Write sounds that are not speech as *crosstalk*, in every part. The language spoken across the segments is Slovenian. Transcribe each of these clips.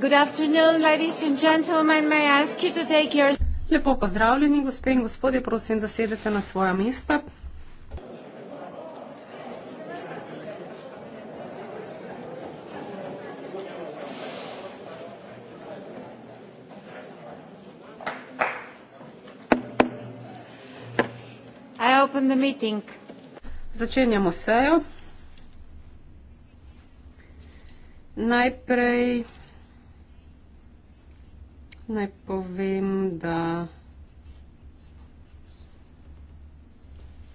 Good afternoon, ladies and gentlemen. May I ask you to take your... Lepo pozdravljeni, gospe in gospodje, prosim, da sedete na svoja mesta. I open the meeting. Začenjamo sejo. Najprej naj povem, da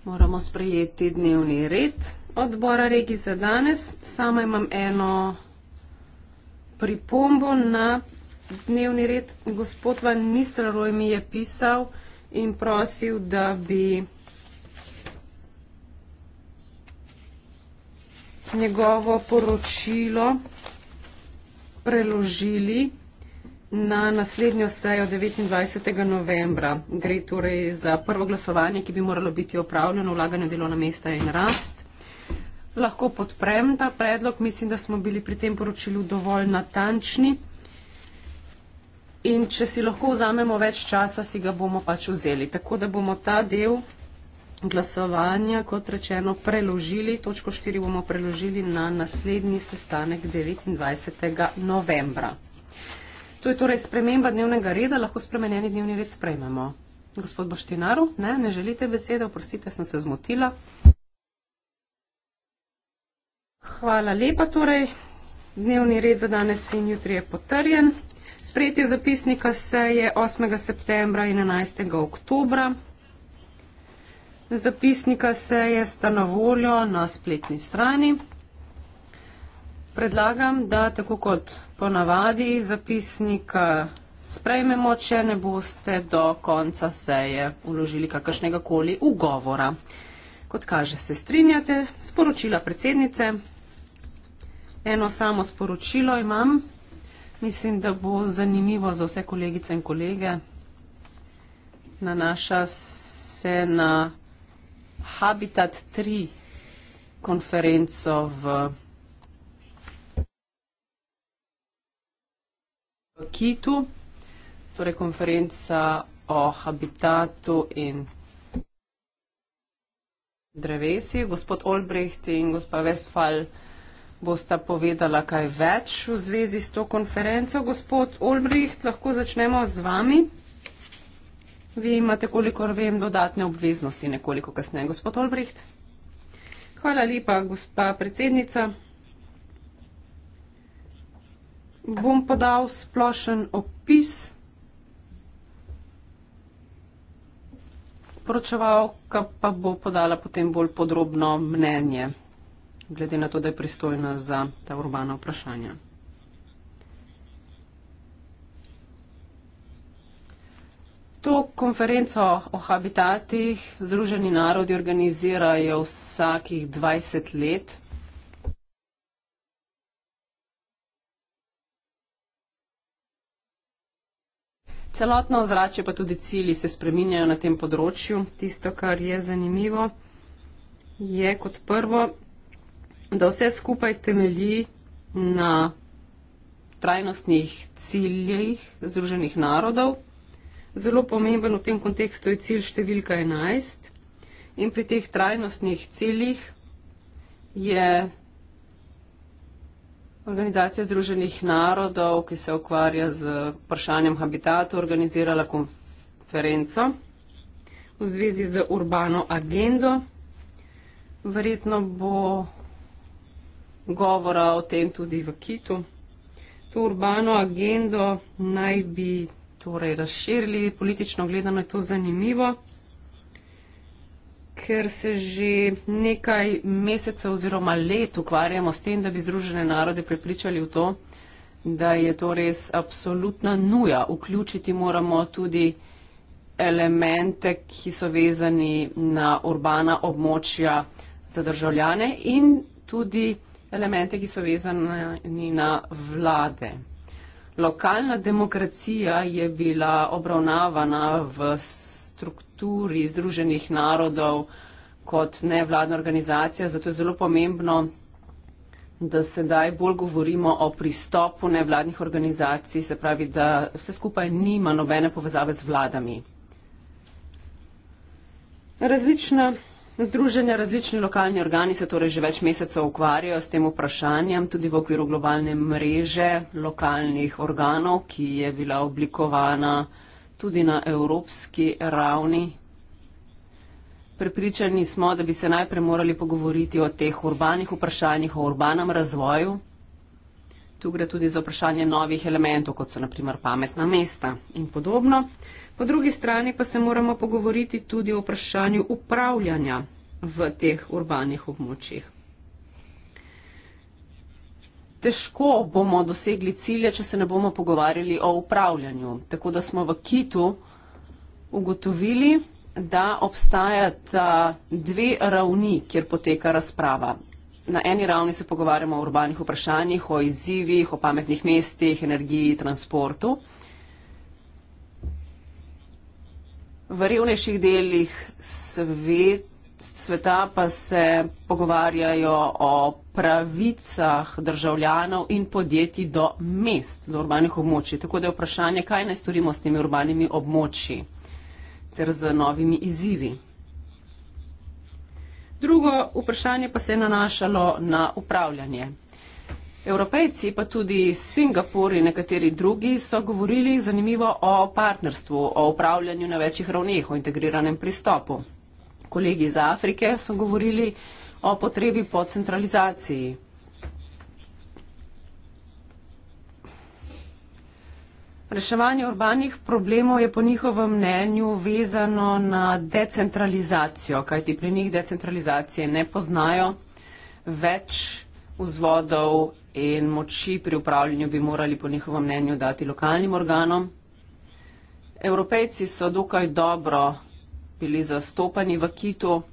moramo sprejeti dnevni red odbora regi za danes. Sama imam eno pripombo na dnevni red. Gospod Van Nistelrooy mi je pisal in prosil, da bi njegovo poročilo preložili na naslednjo sejo 29. novembra. Gre torej za prvo glasovanje, ki bi moralo biti opravljeno, vlaganje delovna mesta in rast. Lahko podprem ta predlog, mislim, da smo bili pri tem poročilu dovolj natančni. In če si lahko vzamemo več časa, si ga bomo pač vzeli. Tako da bomo ta del glasovanja, kot rečeno, preložili, točko 4 bomo preložili na naslednji sestanek 29. novembra. To je torej sprememba dnevnega reda, lahko spremenjeni dnevni red sprejmemo. Gospod Boštinaru, ne, ne želite besede, oprostite, sem se zmotila. Hvala lepa torej. Dnevni red za danes in jutri je potrjen. Sprejetje zapisnika se je 8. septembra in 11. oktobra. Zapisnika se je sta na voljo na spletni strani predlagam, da tako kot ponavadi zapisnik eh, sprejmemo, če ne boste do konca seje uložili kakršnega koli ugovora. Kot kaže, se strinjate, sporočila predsednice. Eno samo sporočilo imam. Mislim, da bo zanimivo za vse kolegice in kolege. Nanaša se na Habitat 3 konferenco v Kitu, torej konferenca o habitatu in drevesih. Gospod Olbreht in gospa Westphal bosta povedala kaj več v zvezi s to konferenco. Gospod Olbreht, lahko začnemo z vami. Vi imate, kolikor vem, dodatne obveznosti nekoliko kasneje. Gospod Olbreht. Hvala lepa, gospa predsednica bom podal splošen opis. Poročevalka pa bo podala potem bolj podrobno mnenje, glede na to, da je pristojna za ta urbana vprašanja. To konferenco o habitatih Združeni narodi organizirajo vsakih 20 let, celotno ozračje, pa tudi cilji se spreminjajo na tem področju. Tisto, kar je zanimivo, je kot prvo, da vse skupaj temelji na trajnostnih ciljih Združenih narodov. Zelo pomemben v tem kontekstu je cilj številka 11 in pri teh trajnostnih ciljih je Organizacija Združenih narodov, ki se ukvarja z vprašanjem habitatu, organizirala konferenco v zvezi z urbano agendo. Verjetno bo govora o tem tudi v Kitu. To urbano agendo naj bi torej razširili, politično gledano je to zanimivo ker se že nekaj mesecev oziroma let ukvarjamo s tem, da bi Združene narode prepričali v to, da je to res absolutna nuja. Vključiti moramo tudi elemente, ki so vezani na urbana območja za državljane in tudi elemente, ki so vezani na vlade. Lokalna demokracija je bila obravnavana v strukturi strukturi Združenih narodov kot nevladna organizacija, zato je zelo pomembno, da sedaj bolj govorimo o pristopu nevladnih organizacij, se pravi, da vse skupaj nima nobene povezave z vladami. Različna združenja, različni lokalni organi se torej že več mesecev ukvarjajo s tem vprašanjem, tudi v okviru globalne mreže lokalnih organov, ki je bila oblikovana tudi na evropski ravni. Prepričani smo, da bi se najprej morali pogovoriti o teh urbanih vprašanjih, o urbanem razvoju. Tu gre tudi za vprašanje novih elementov, kot so naprimer pametna mesta in podobno. Po drugi strani pa se moramo pogovoriti tudi o vprašanju upravljanja v teh urbanih območjih težko bomo dosegli cilje, če se ne bomo pogovarjali o upravljanju. Tako da smo v kitu ugotovili, da obstajata dve ravni, kjer poteka razprava. Na eni ravni se pogovarjamo o urbanih vprašanjih, o izzivih, o pametnih mestih, energiji, transportu. V revnejših delih sveta sveta pa se pogovarjajo o pravicah državljanov in podjetij do mest, do urbanih območij. Tako da je vprašanje, kaj naj storimo s temi urbanimi območji ter z novimi izzivi. Drugo vprašanje pa se je nanašalo na upravljanje. Evropejci, pa tudi Singapur in nekateri drugi so govorili zanimivo o partnerstvu, o upravljanju na večjih ravneh, o integriranem pristopu kolegi iz Afrike so govorili o potrebi po centralizaciji. Reševanje urbanih problemov je po njihovem mnenju vezano na decentralizacijo, kajti pri njih decentralizacije ne poznajo več vzvodov in moči pri upravljanju bi morali po njihovem mnenju dati lokalnim organom. Evropejci so dokaj dobro bili zastopani v Kitu,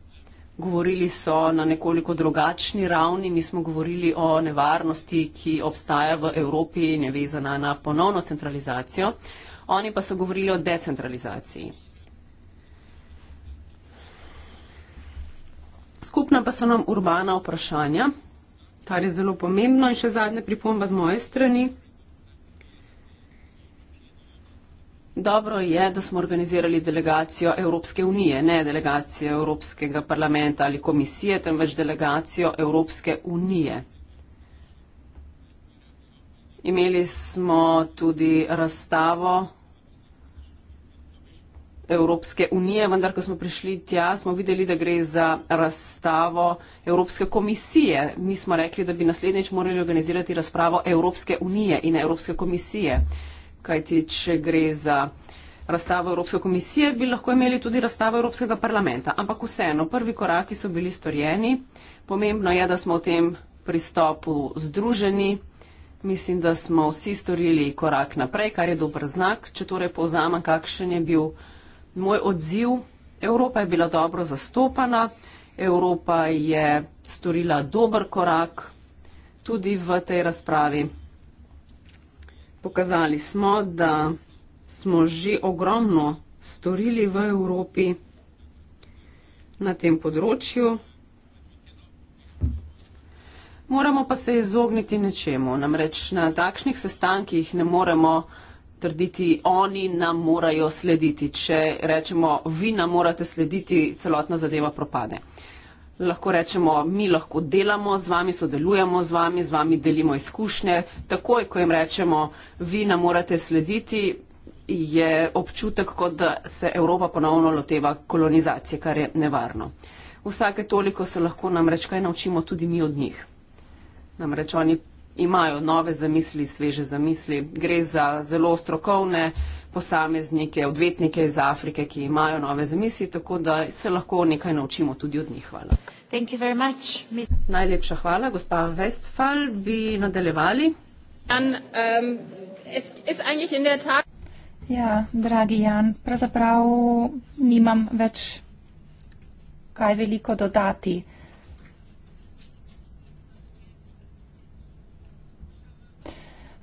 govorili so na nekoliko drugačni ravni. Mi smo govorili o nevarnosti, ki obstaja v Evropi in je vezana na ponovno centralizacijo. Oni pa so govorili o decentralizaciji. Skupna pa so nam urbana vprašanja, kar je zelo pomembno in še zadnja pripomba z moje strani. Dobro je, da smo organizirali delegacijo Evropske unije, ne delegacijo Evropskega parlamenta ali komisije, temveč delegacijo Evropske unije. Imeli smo tudi razstavo Evropske unije, vendar ko smo prišli tja, smo videli, da gre za razstavo Evropske komisije. Mi smo rekli, da bi naslednjič morali organizirati razpravo Evropske unije in Evropske komisije kajti če gre za razstavo Evropske komisije, bi lahko imeli tudi razstavo Evropskega parlamenta. Ampak vseeno, prvi koraki so bili storjeni. Pomembno je, da smo v tem pristopu združeni. Mislim, da smo vsi storili korak naprej, kar je dober znak. Če torej povzamem, kakšen je bil moj odziv. Evropa je bila dobro zastopana, Evropa je storila dober korak tudi v tej razpravi pokazali smo, da smo že ogromno storili v Evropi na tem področju. Moramo pa se izogniti nečemu, namreč na takšnih sestankih ne moremo trditi, oni nam morajo slediti. Če rečemo, vi nam morate slediti, celotna zadeva propade. Uh, lahko rečemo, mi lahko delamo z vami, sodelujemo z vami, z vami delimo izkušnje. Takoj, ko jim rečemo, vi nam morate slediti, je občutek, kot da se Evropa ponovno loteva kolonizacije, kar je nevarno. Vsake toliko se lahko namreč kaj naučimo tudi mi od njih. Namreč oni imajo nove zamisli, sveže zamisli. Gre za zelo strokovne posameznike, odvetnike iz Afrike, ki imajo nove zamisli, tako da se lahko nekaj naučimo tudi od njih. Hvala. Much, Ms... Najlepša hvala, gospa Westfall. Bi nadaljevali? And, um, it's, it's ja, dragi Jan, pravzaprav nimam več kaj veliko dodati.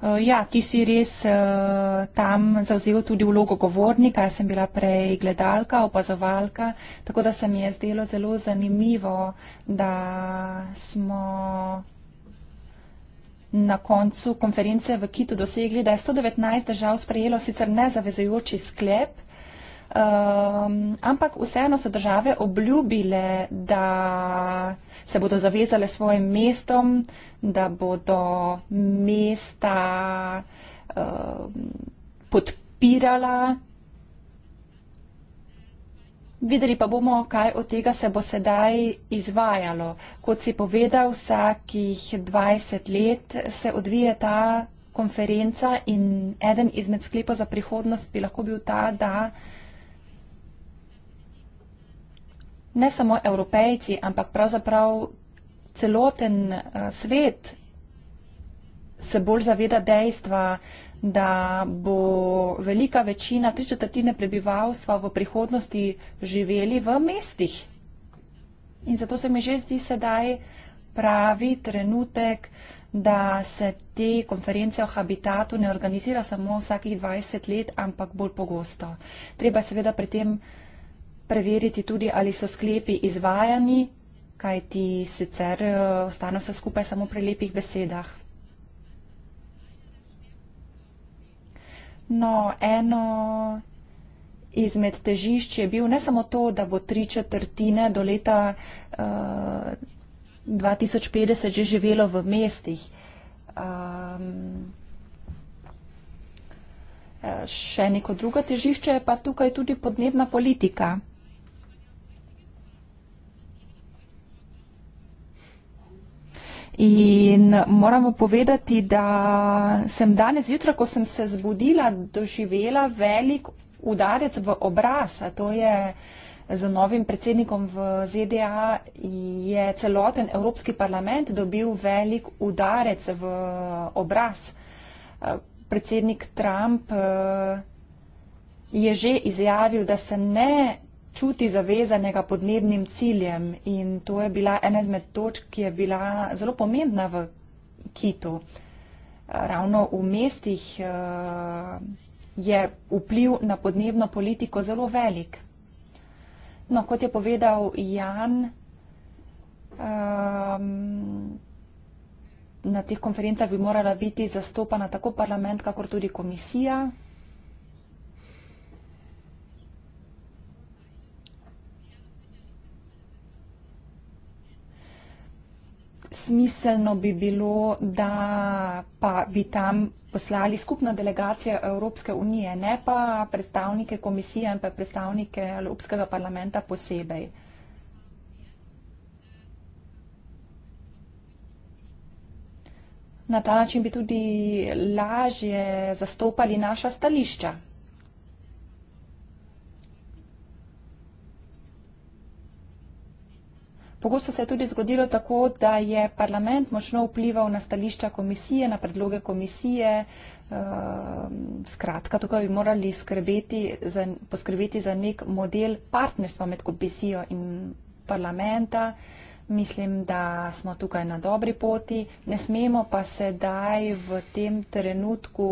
Eh, ja, ti si res uh, tam zauzel tudi vlogo govornika. Jaz sem bila prej gledalka, opazovalka, tako da se mi je zdelo zelo zanimivo, da smo na koncu konference v Kitu dosegli, da je 119 držav sprejelo sicer nezavezujoči sklep, uh, Um, ampak vseeno so države obljubile, da se bodo zavezale svojim mestom, da bodo mesta um, podpirala. Videli pa bomo, kaj od tega se bo sedaj izvajalo. Kot si povedal, vsakih 20 let se odvije ta konferenca in eden izmed sklepov za prihodnost bi lahko bil ta, da uh, ne samo evropejci, ampak pravzaprav celoten eh, svet se bolj zaveda dejstva, da bo velika večina, tri četrtine prebivalstva v prihodnosti živeli v mestih. In zato se mi že zdi sedaj pravi trenutek, da se te konference o habitatu ne organizira samo vsakih 20 let, ampak bolj pogosto. Treba seveda pri tem preveriti tudi, ali so sklepi izvajani, kaj ti sicer eh, ostane vse skupaj samo pri lepih besedah. No, eno izmed težišč je bil ne samo to, da bo tri četrtine do leta uh, eh, 2050 že živelo v mestih. Um, še neko drugo težišče je pa tukaj tudi podnebna politika. In moramo povedati, da sem danes zjutraj, ko sem se zbudila, doživela velik udarec v obraz. To je z novim predsednikom v ZDA, je celoten Evropski parlament dobil velik udarec v obraz. Predsednik Trump eh, je že izjavil, da se ne čuti zavezanega podnebnim ciljem in to je bila ena izmed točk, ki je bila zelo pomembna v Kitu. Ravno v mestih eh, je vpliv na podnebno politiko zelo velik. No, kot je povedal Jan, ehm, na teh konferencah bi morala biti zastopana tako parlament, kakor tudi komisija, smiselno bi bilo, da pa bi tam poslali skupno delegacijo Evropske unije, ne pa predstavnike komisije in pa predstavnike Evropskega parlamenta posebej. Na ta način bi tudi lažje zastopali naša stališča. Pogosto se je tudi zgodilo tako, da je parlament močno vplival na stališča komisije, na predloge komisije. Ehm, skratka, tukaj bi morali za, poskrbeti za nek model partnerstva med komisijo in parlamenta. Mislim, da smo tukaj na dobri poti. Ne smemo pa sedaj v tem trenutku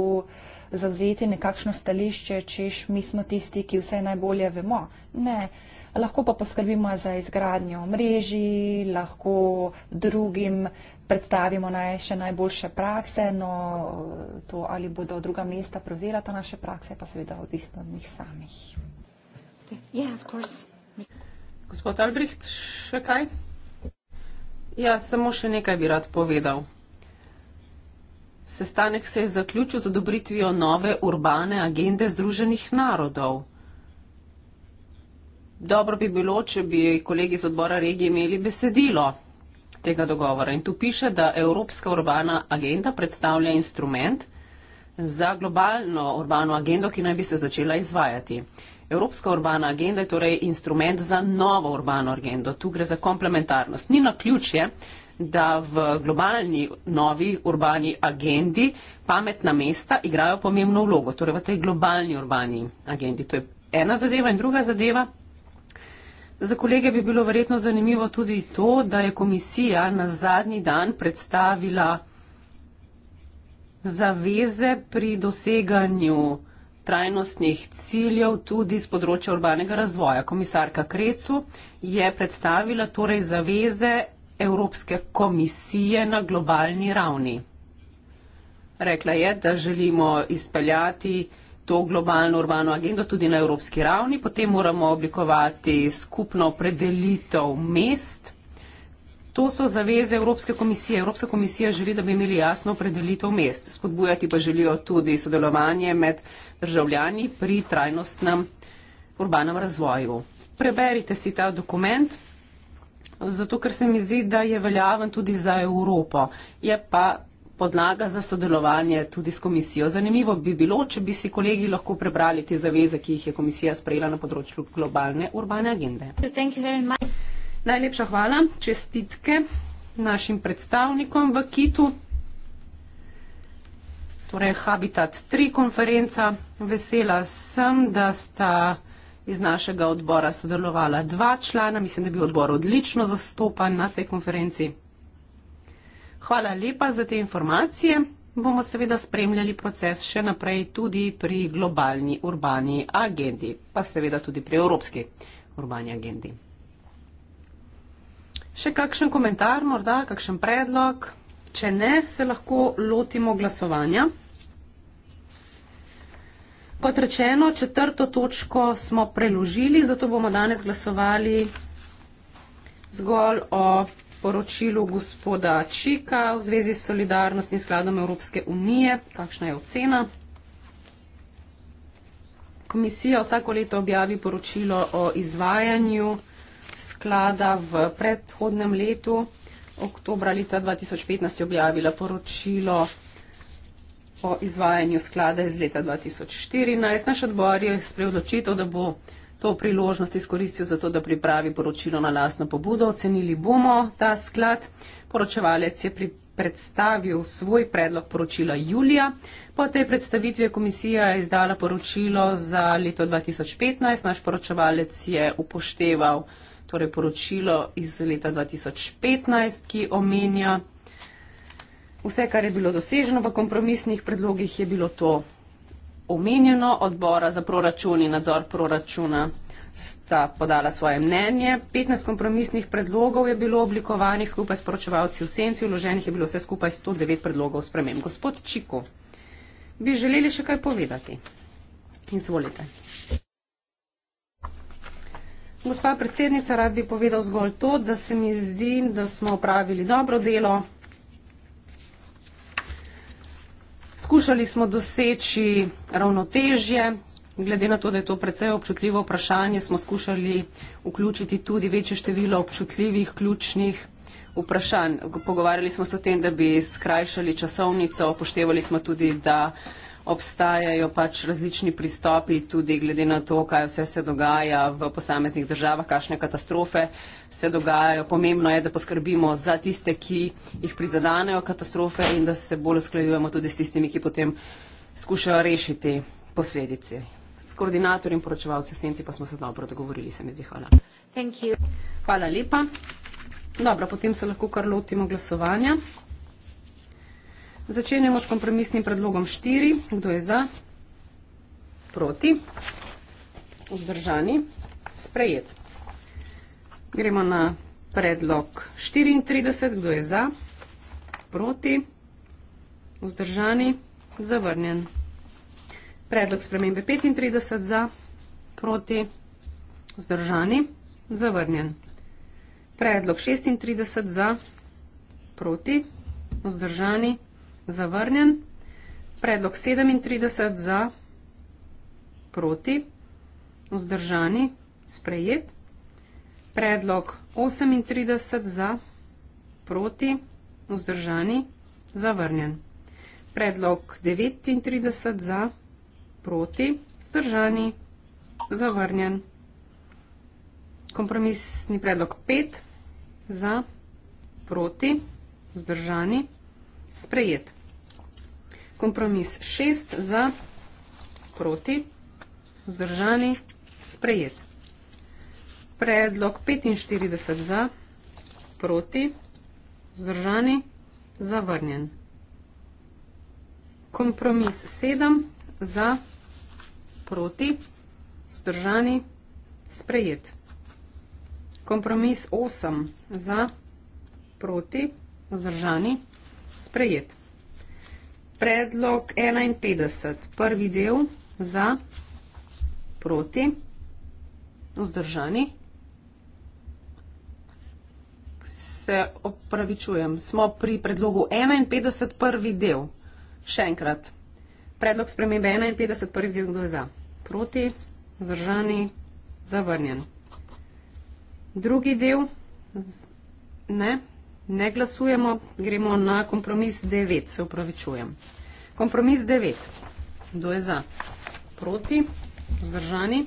zavzeti nekakšno stališče, češ mi smo tisti, ki vse najbolje vemo. Ne. Uh, lahko pa poskrbimo za izgradnjo mreži, lahko drugim predstavimo naj, še najboljše prakse, no to ali bodo druga mesta prevzela ta naše prakse, pa seveda odvisno od njih samih. Ja, Gospod Albricht, še kaj? Ja, samo še nekaj bi rad povedal. Sestanek se je zaključil z odobritvijo nove urbane agende Združenih narodov. Dobro bi bilo, če bi kolegi iz odbora regije imeli besedilo tega dogovora. In tu piše, da Evropska urbana agenda predstavlja instrument za globalno urbano agendo, ki naj bi se začela izvajati. Evropska urbana agenda je torej instrument za novo urbano agendo. Tu gre za komplementarnost. Ni na ključje, da v globalni novi urbani agendi pametna mesta igrajo pomembno vlogo. Torej v tej globalni urbani agendi. To je ena zadeva in druga zadeva. Za kolege bi bilo verjetno zanimivo tudi to, da je komisija na zadnji dan predstavila zaveze pri doseganju trajnostnih ciljev tudi z področja urbanega razvoja. Komisarka Krecu je predstavila torej zaveze Evropske komisije na globalni ravni. Rekla je, da želimo izpeljati to globalno urbano agendo tudi na evropski ravni, potem moramo oblikovati skupno predelitev mest. To so zaveze Evropske komisije. Evropska komisija želi, da bi imeli jasno predelitev mest. Spodbujati pa želijo tudi sodelovanje med državljani pri trajnostnem urbanem razvoju. Preberite si ta dokument. Zato, ker se mi zdi, da je veljaven tudi za Evropo. Je pa podlaga za sodelovanje tudi s komisijo. Zanimivo bi bilo, če bi si kolegi lahko prebrali te zaveze, ki jih je komisija sprejela na področju globalne urbane agende. Najlepša hvala, čestitke našim predstavnikom v Kitu. Torej, Habitat 3 konferenca. Vesela sem, da sta iz našega odbora sodelovala dva člana. Mislim, da bi odbor odlično zastopan na tej konferenci. Hvala lepa za te informacije. Bomo seveda spremljali proces še naprej tudi pri globalni urbani agendi, pa seveda tudi pri evropski urbani agendi. Še kakšen komentar, morda kakšen predlog? Če ne, se lahko lotimo glasovanja. Kot rečeno, četrto točko smo preložili, zato bomo danes glasovali zgolj o poročilu gospoda Čika v zvezi s solidarnostnim skladom Evropske unije. Kakšna je ocena? Komisija vsako leto objavi poročilo o izvajanju sklada v predhodnem letu. Oktobra leta 2015 je objavila poročilo o izvajanju sklada iz leta 2014. Naš odbor je sprejel odločitev, da bo to priložnost izkoristil za to, da pripravi poročilo na lastno pobudo. Ocenili bomo ta sklad. Poročevalec je pri predstavil svoj predlog poročila julija. Po tej predstavitvi je komisija izdala poročilo za leto 2015. Naš poročevalec je upošteval torej poročilo iz leta 2015, ki omenja vse, kar je bilo doseženo v kompromisnih predlogih, je bilo to omenjeno, odbora za proračun in nadzor proračuna sta podala svoje mnenje. 15 kompromisnih predlogov je bilo oblikovanih skupaj s poročevalci v senci, vloženih je bilo vse skupaj 109 predlogov sprememb. Gospod Čiko, bi želeli še kaj povedati? Izvolite. Gospa predsednica, rad bi povedal zgolj to, da se mi zdi, da smo upravili dobro delo, Poskušali smo doseči ravnotežje, glede na to, da je to precej občutljivo vprašanje, smo skušali vključiti tudi večje število občutljivih, ključnih vprašanj. Pogovarjali smo se o tem, da bi skrajšali časovnico, upoštevali smo tudi, da obstajajo pač različni pristopi, tudi glede na to, kaj vse se dogaja v posameznih državah, kakšne katastrofe se dogajajo. Pomembno je, da poskrbimo za tiste, ki jih prizadanejo katastrofe in da se bolj usklajujemo tudi s tistimi, ki potem skušajo rešiti posledice. S koordinatorjem in poročevalcem Senci pa smo se dobro dogovorili, se mi zdi. Hvala. Hvala lepa. Dobro, potem se lahko kar lotimo glasovanja. Začenjamo s kompromisnim predlogom 4. Kdo je za? Proti? Vzdržani? Sprejet. Gremo na predlog 34. Kdo je za? Proti? Vzdržani? Zavrnjen. Predlog spremembe 35. Za? Proti? Vzdržani? Zavrnjen. Predlog 36. Za? Proti? Vzdržani? Zavrnjen zavrnjen. Predlog 37 za proti, vzdržani, sprejet. Predlog 38 za proti, vzdržani, zavrnjen. Predlog 39 za proti, vzdržani, zavrnjen. Kompromisni predlog 5 za proti, vzdržani, sprejet kompromis 6 za, proti, vzdržani, sprejet. Predlog 45 za, proti, vzdržani, zavrnjen. Kompromis 7 za, proti, vzdržani, sprejet. Kompromis 8 za, proti, vzdržani, sprejet predlog 51, prvi del za proti, vzdržani. Se opravičujem, smo pri predlogu 51, prvi del. Še enkrat, predlog spremembe 51, prvi del, kdo je za? Proti, vzdržani, zavrnjen. Drugi del, ne, ne glasujemo. Gremo na kompromis 9, se upravičujem. Kompromis 9. Kdo je za? Proti, vzdržani,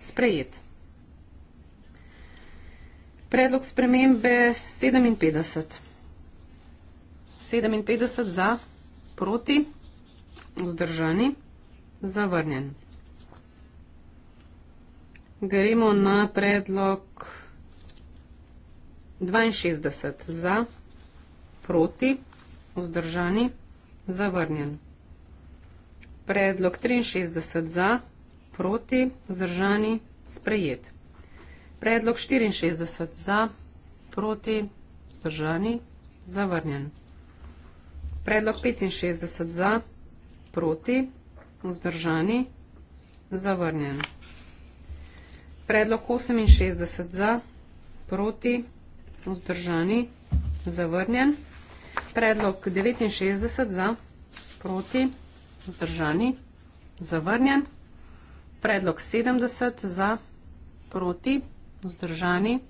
sprejet. Predlog spremembe 57. 57 za, proti, vzdržani, zavrnjen. Gremo na predlog 58. 62 za, proti, vzdržani, zavrnjen. Predlog 63 za, proti, vzdržani, sprejet. Predlog 64 za, proti, vzdržani, zavrnjen. Predlog 65 za, proti, vzdržani, zavrnjen. Predlog 68 za, proti, vzdržani, zavrnjen vzdržani, zavrnjen. Predlog 69 za, proti, vzdržani, zavrnjen. Predlog 70 za, proti, vzdržani,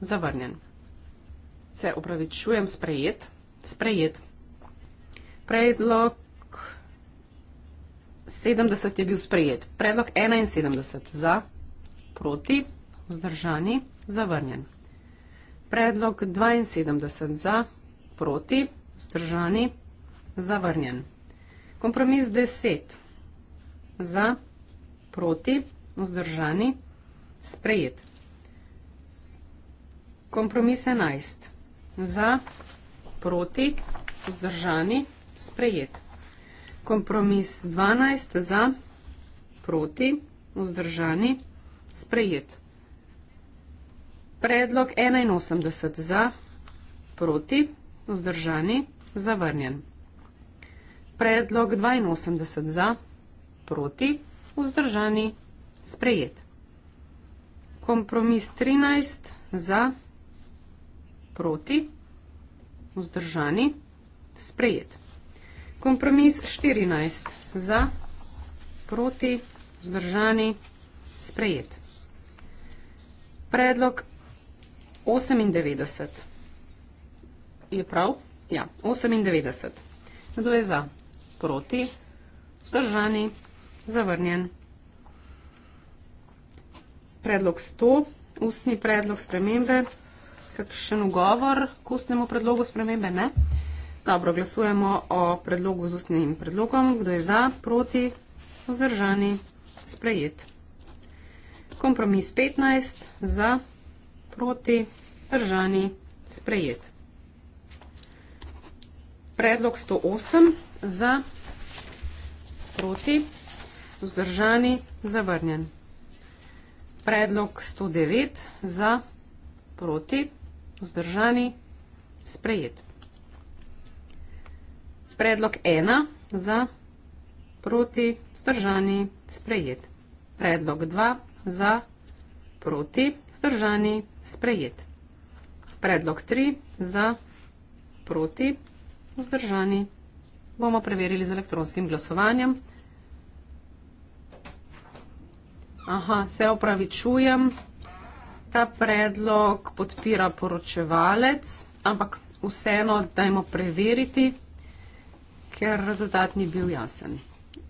zavrnjen. Se upravičujem sprejet, sprejet. Predlog 70 je bil sprejet. Predlog 71 za, proti, vzdržani, zavrnjen. Predlog 72 za, proti, vzdržani, zavrnjen. Kompromis 10 za, proti, vzdržani, sprejet. Kompromis 11 za, proti, vzdržani, sprejet. Kompromis 12 za, proti, vzdržani, sprejet. Predlog 81 za, proti, vzdržani, zavrnjen. Predlog 82 za, proti, vzdržani, sprejet. Kompromis 13 za, proti, vzdržani, sprejet. Kompromis 14 za, proti, vzdržani, sprejet. Predlog 98. Je prav? Ja, 98. Kdo je za? Proti? Zdržani? Zavrnjen? Predlog 100. Ustni predlog spremembe. Kakšen ugovor k ustnemu predlogu spremembe? Ne. Dobro, glasujemo o predlogu z ustnim predlogom. Kdo je za? Proti? Zdržani? Sprejet. Kompromis 15. Za? proti, zdržani, sprejet. Predlog 108 za, proti, vzdržani, zavrnjen. Predlog 109 za, proti, vzdržani, sprejet. Predlog 1 za, proti, vzdržani, sprejet. Predlog 2 za, proti, vzdržani, sprejet sprejet. Predlog 3 za proti vzdržani bomo preverili z elektronskim glasovanjem. Aha, se opravičujem, ta predlog podpira poročevalec, ampak vseeno dajmo preveriti, ker rezultat ni bil jasen.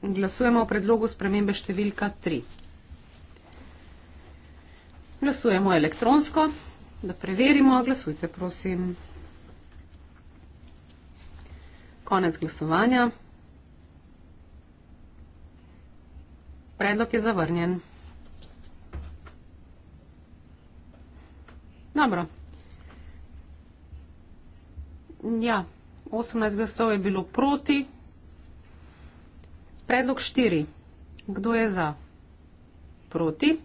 Glasujemo o predlogu spremembe številka 3. Glasujemo elektronsko. Da preverimo, glasujte prosim. Konec glasovanja. Predlog je zavrnjen. Dobro. Ja, 18 glasov je bilo proti. Predlog 4. Kdo je za? Proti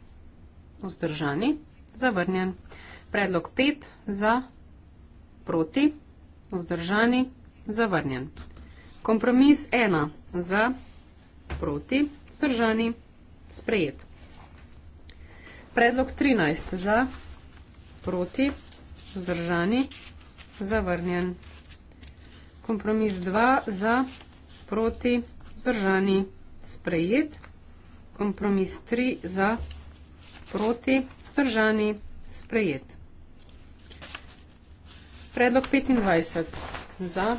vzdržani, zavrnjen. Predlog pet za, proti, vzdržani, zavrnjen. Kompromis ena za, proti, vzdržani, sprejet. Predlog trinajst za, proti, vzdržani, zavrnjen. Kompromis dva za, proti, vzdržani, sprejet. Kompromis tri za, proti, vzdržani, sprejet proti, vzdržani, sprejet. Predlog 25 za,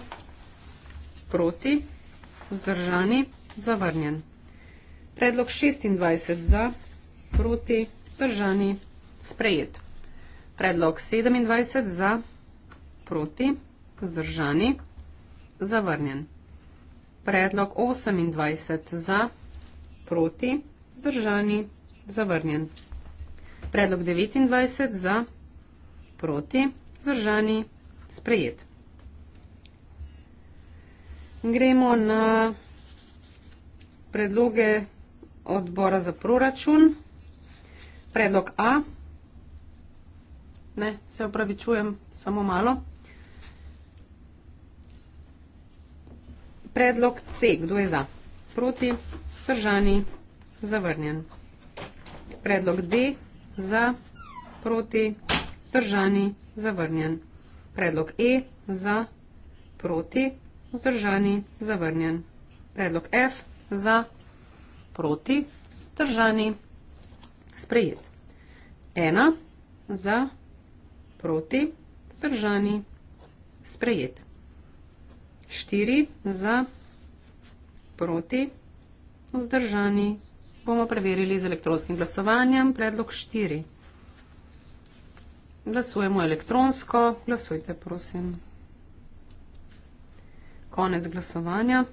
proti, vzdržani, zavrnjen. Predlog 26 za, proti, vzdržani, sprejet. Predlog 27 za, proti, vzdržani, zavrnjen. Predlog 28 za, proti, vzdržani, zavrnjen. Predlog 29 za proti zdržani sprejet. Gremo na predloge odbora za proračun. Predlog A. Ne, se opravičujem, samo malo. Predlog C. Kdo je za? Proti, stržani, zavrnjen. Predlog D za, proti, vzdržani, zavrnjen. Predlog E za, proti, vzdržani, zavrnjen. Predlog F za, proti, vzdržani, sprejet. 1 za, proti, vzdržani, sprejet. 4 za, proti, vzdržani, bomo preverili z elektronskim glasovanjem. Predlog 4. Glasujemo elektronsko. Glasujte, prosim. Konec glasovanja.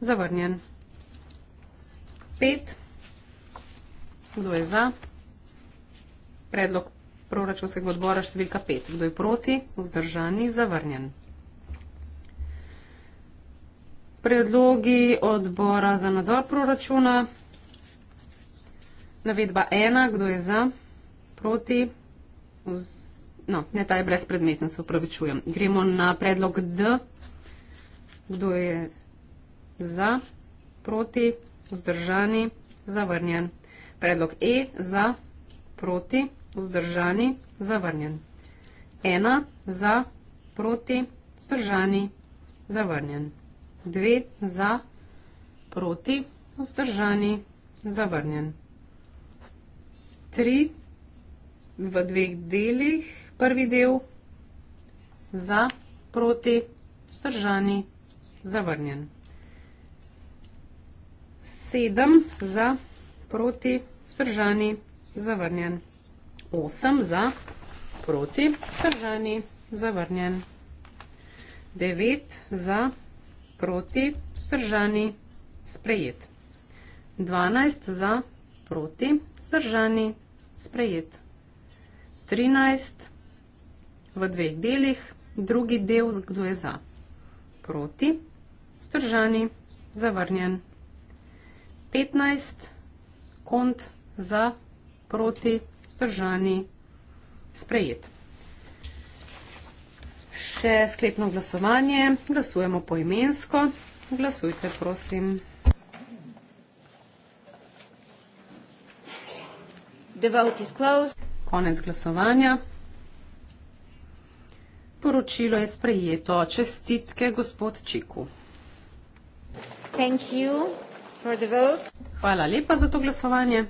Zavrnjen. 5. Kdo je za? Predlog proračunskega odbora številka 5. Kdo je proti? Vzdržani. Zavrnjen predlogi odbora za nadzor proračuna. Navedba ena, kdo je za, proti. Vz... No, ne, ta je brezpredmetna, se upravičujem. Gremo na predlog D. Kdo je za, proti, vzdržani, zavrnjen. Predlog E za, proti, vzdržani, zavrnjen. Ena za, proti, vzdržani, zavrnjen. 2 za, proti, vzdržani, zavrnjen. 3 v dveh delih, prvi del, za, proti, vzdržani, zavrnjen. 7 za, proti, vzdržani, zavrnjen. 8 za, proti, vzdržani, zavrnjen. 9 za, proti, vzdržani, zavrnjen proti, vzdržani, sprejet. 12 za, proti, vzdržani, sprejet. 13 v dveh delih, drugi del, kdo je za, proti, vzdržani, zavrnjen. 15 kont za, proti, vzdržani, sprejet še sklepno glasovanje. Glasujemo po imensko. Glasujte, prosim. 9 is closed. Konec glasovanja. Poročilo je sprejeto. Čestitke, gospod Čiku. Thank you for the vote. Hvala lepa za to glasovanje.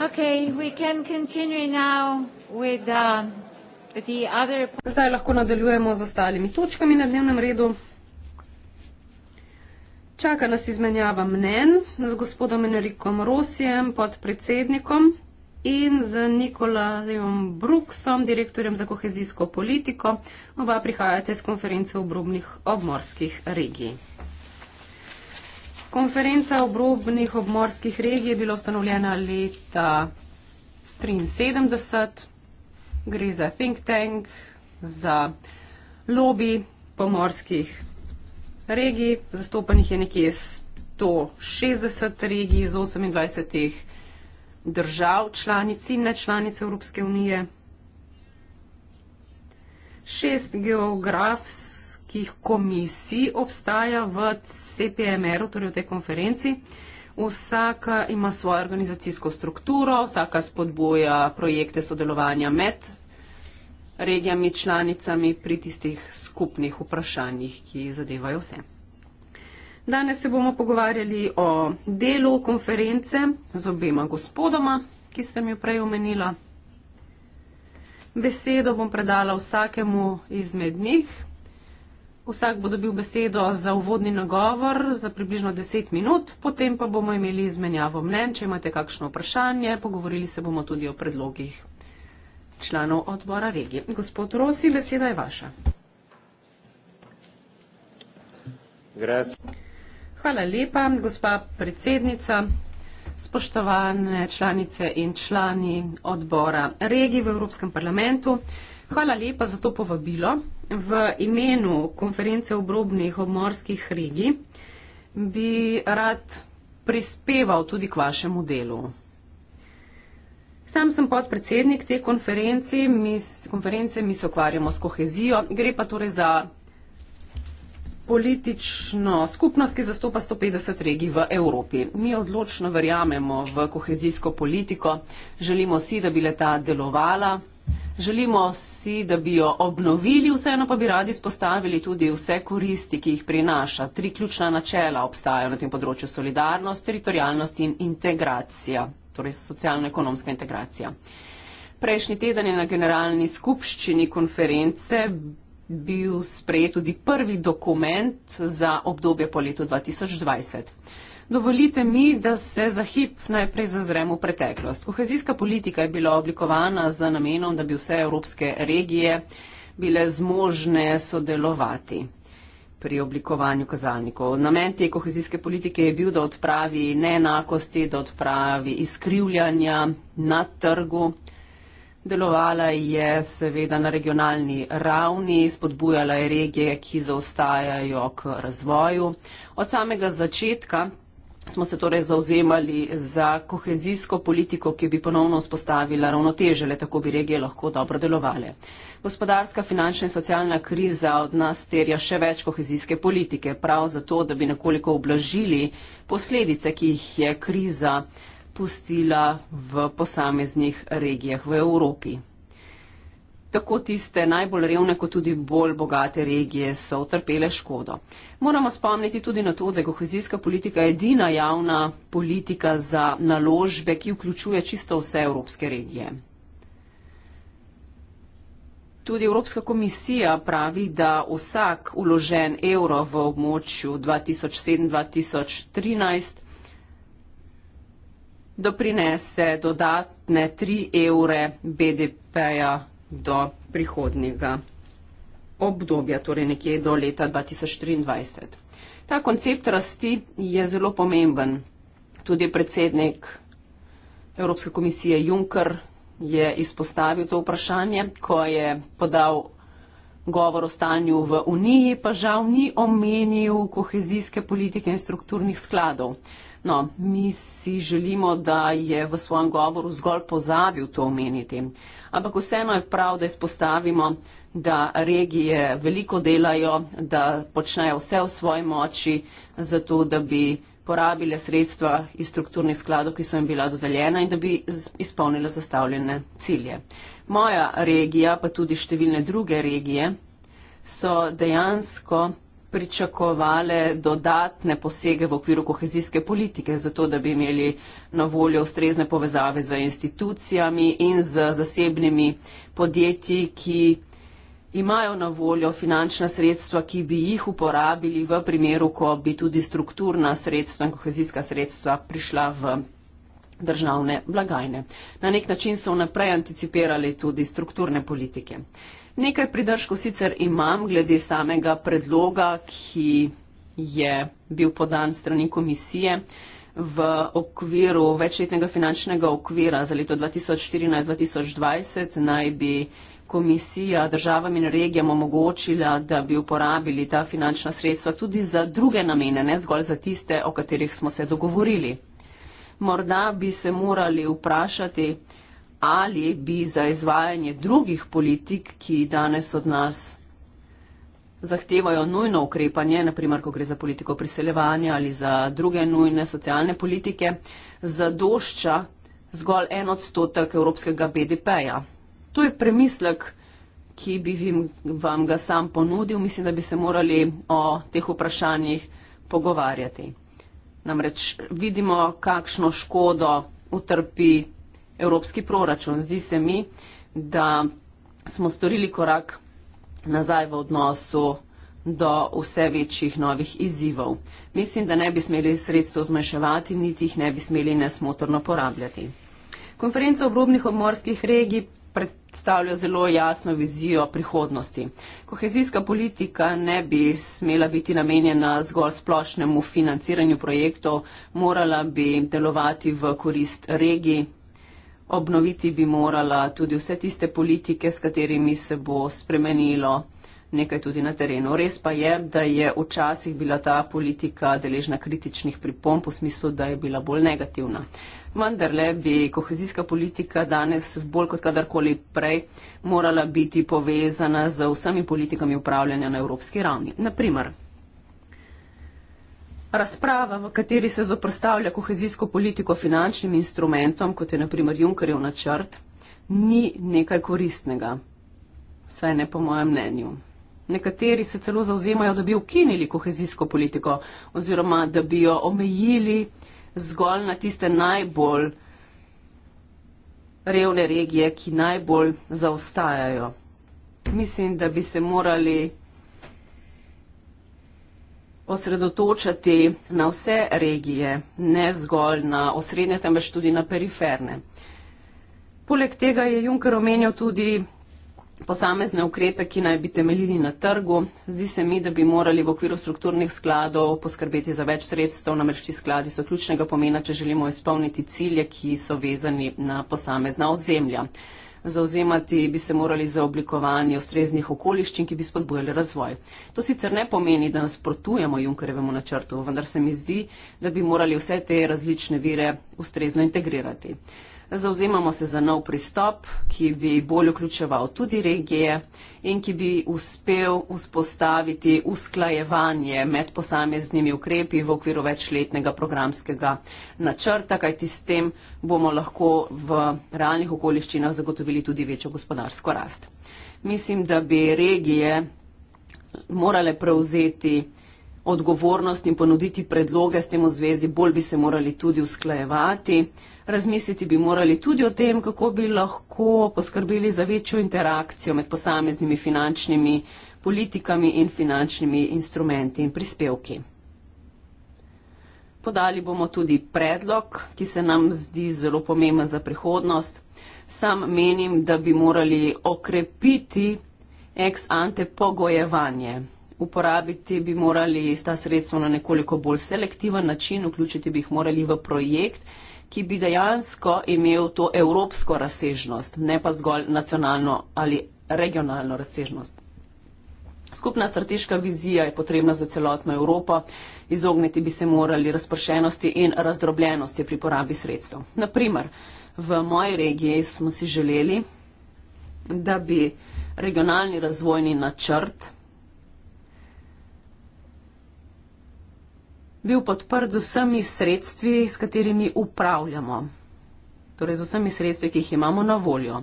Um, Zdaj lahko nadaljujemo z ostalimi točkami na dnevnem redu. Čaka nas izmenjava mnen z gospodom Enrikom Rosijem, podpredsednikom in z Nikolajem Bruksom, direktorjem za kohezijsko politiko. Oba prihajate z konference obrobnih obmorskih regij. Konferenca obrobnih obmorskih regij je bila ustanovljena leta 1973. Gre za think tank, za lobby pomorskih regij. Zastopanih je nekje 160 regij iz 28 držav, članic in nečlanic Evropske unije. Šest geografs, evropskih komisij obstaja v CPMR-u, torej v tej konferenci. Vsaka ima svojo organizacijsko strukturo, vsaka spodbuja projekte sodelovanja med regijami, članicami pri tistih skupnih vprašanjih, ki zadevajo vse. Danes se bomo pogovarjali o delu konference z obema gospodoma, ki sem jo prej omenila. Besedo bom predala vsakemu izmed njih, Vsak bo dobil besedo za uvodni nagovor za približno 10 minut, potem pa bomo imeli izmenjavo mnen, če imate kakšno vprašanje, pogovorili se bomo tudi o predlogih članov odbora regije. Gospod Rosi, beseda je vaša. Grac. Hvala lepa, gospa predsednica spoštovane članice in člani odbora regij v Evropskem parlamentu. Hvala lepa za to povabilo. V imenu konference obrobnih obmorskih regij bi rad prispeval tudi k vašemu delu. Sam sem podpredsednik te konferenci, mi, konference, mi se ukvarjamo s kohezijo, gre pa torej za politično skupnost, ki zastopa 150 regij v Evropi. Mi odločno verjamemo v kohezijsko politiko, želimo si, da bi leta delovala, želimo si, da bi jo obnovili, vseeno pa bi radi spostavili tudi vse koristi, ki jih prinaša. Tri ključna načela obstajajo na tem področju solidarnost, teritorijalnost in integracija, torej socialno-ekonomska integracija. Prejšnji teden je na generalni skupščini konference bil sprejet tudi prvi dokument za obdobje po letu 2020. Dovolite mi, da se za hip najprej zazremo v preteklost. Kohezijska politika je bila oblikovana z namenom, da bi vse evropske regije bile zmožne sodelovati pri oblikovanju kazalnikov. Namen te kohezijske politike je bil, da odpravi neenakosti, da odpravi izkrivljanja na trgu Delovala je seveda na regionalni ravni, spodbujala je regije, ki zaostajajo k razvoju. Od samega začetka smo se torej zauzemali za kohezijsko politiko, ki bi ponovno vzpostavila ravnotežele, tako bi regije lahko dobro delovale. Gospodarska, finančna in socialna kriza od nas terja še več kohezijske politike, prav zato, da bi nekoliko oblažili posledice, ki jih je kriza pustila v posameznih regijah v Evropi. Tako tiste najbolj revne, kot tudi bolj bogate regije so utrpele škodo. Moramo spomniti tudi na to, da je kohezijska politika edina javna politika za naložbe, ki vključuje čisto vse evropske regije. Tudi Evropska komisija pravi, da vsak uložen evro v območju 2007-2013 doprinese dodatne 3 evre BDP-ja do prihodnjega obdobja, torej nekje do leta 2023. Ta koncept rasti je zelo pomemben. Tudi predsednik Evropske komisije Juncker je izpostavil to vprašanje, ko je podal govor o stanju v Uniji, pa žal ni omenil kohezijske politike in strukturnih skladov. No, mi si želimo, da je v svojem govoru zgolj pozabil to omeniti. Ampak vseeno je prav, da izpostavimo, da regije veliko delajo, da počnejo vse v svoji moči, zato da bi porabile sredstva iz strukturnih skladov, ki so jim bila dodeljena in da bi izpolnile zastavljene cilje. Moja regija, pa tudi številne druge regije, so dejansko pričakovale dodatne posege v okviru kohezijske politike, zato da bi imeli na voljo ustrezne povezave z institucijami in z zasebnimi podjetji, ki imajo na voljo finančna sredstva, ki bi jih uporabili v primeru, ko bi tudi strukturna sredstva in kohezijska sredstva prišla v državne blagajne. Na nek način so vnaprej anticipirali tudi strukturne politike. Nekaj pridržkov sicer imam glede samega predloga, ki je bil podan strani komisije v okviru večletnega finančnega okvira za leto 2014-2020 naj bi komisija državam in regijam omogočila, da bi uporabili ta finančna sredstva tudi za druge namene, ne zgolj za tiste, o katerih smo se dogovorili. Morda bi se morali vprašati, ali bi za izvajanje drugih politik, ki danes od nas zahtevajo nujno ukrepanje, naprimer, ko gre za politiko priseljevanja ali za druge nujne socialne politike, zadošča zgolj en odstotek evropskega BDP-ja. To je premislek, ki bi vam ga sam ponudil. Mislim, da bi se morali o teh vprašanjih pogovarjati. Namreč vidimo, kakšno škodo utrpi evropski proračun. Zdi se mi, da smo storili korak nazaj v odnosu do vse večjih novih izzivov. Mislim, da ne bi smeli sredstvo zmanjševati, niti jih ne bi smeli nesmotorno porabljati. Konferenca obrobnih obmorskih regij predstavlja zelo jasno vizijo prihodnosti. Kohezijska politika ne bi smela biti namenjena zgolj splošnemu financiranju projektov, morala bi delovati v korist regij, obnoviti bi morala tudi vse tiste politike, s katerimi se bo spremenilo nekaj tudi na terenu. Res pa je, da je včasih bila ta politika deležna kritičnih pripomp v smislu, da je bila bolj negativna. Vendar le bi kohezijska politika danes bolj kot kadarkoli prej morala biti povezana z vsemi politikami upravljanja na evropski ravni. Naprimer, Razprava, v kateri se zoprstavlja kohezijsko politiko finančnim instrumentom, kot je naprimer Junkerjev načrt, ni nekaj koristnega. Vsaj ne po mojem mnenju. Nekateri se celo zauzemajo, da bi ukinili kohezijsko politiko oziroma da bi jo omejili zgolj na tiste najbolj revne regije, ki najbolj zaostajajo. Mislim, da bi se morali osredotočati na vse regije, ne zgolj na osrednje, temveč tudi na periferne. Poleg tega je Juncker omenjal tudi posamezne ukrepe, ki naj bi temeljili na trgu. Zdi se mi, da bi morali v okviru strukturnih skladov poskrbeti za več sredstev, namreč ti skladi so ključnega pomena, če želimo izpolniti cilje, ki so vezani na posamezna ozemlja zauzemati bi se morali za oblikovanje ustreznih okoliščin, ki bi spodbojali razvoj. To sicer ne pomeni, da nasprotujemo Junkerjevemu načrtu, vendar se mi zdi, da bi morali vse te različne vire ustrezno integrirati. Zauzemamo se za nov pristop, ki bi bolj vključeval tudi regije in ki bi uspel vzpostaviti usklajevanje med posameznimi ukrepi v okviru večletnega programskega načrta, kajti s tem bomo lahko v realnih okoliščinah zagotovili tudi večjo gospodarsko rast. Mislim, da bi regije morale prevzeti odgovornost in ponuditi predloge s tem v zvezi, bolj bi se morali tudi usklajevati razmisliti bi morali tudi o tem, kako bi lahko poskrbeli za večjo interakcijo med posameznimi finančnimi politikami in finančnimi instrumenti in prispevki. Podali bomo tudi predlog, ki se nam zdi zelo pomemben za prihodnost. Sam menim, da bi morali okrepiti ex ante pogojevanje. Uporabiti bi morali ta sredstvo na nekoliko bolj selektiven način, vključiti bi jih morali v projekt, ki bi dejansko imel to evropsko razsežnost, ne pa zgolj nacionalno ali regionalno razsežnost. Skupna strateška vizija je potrebna za celotno Evropo, izogniti bi se morali razpršenosti in razdrobljenosti pri porabi sredstev. Naprimer, v moji regiji smo si želeli, da bi regionalni razvojni načrt bil podprt z vsemi sredstvi, s katerimi upravljamo, torej z vsemi sredstvi, ki jih imamo na voljo.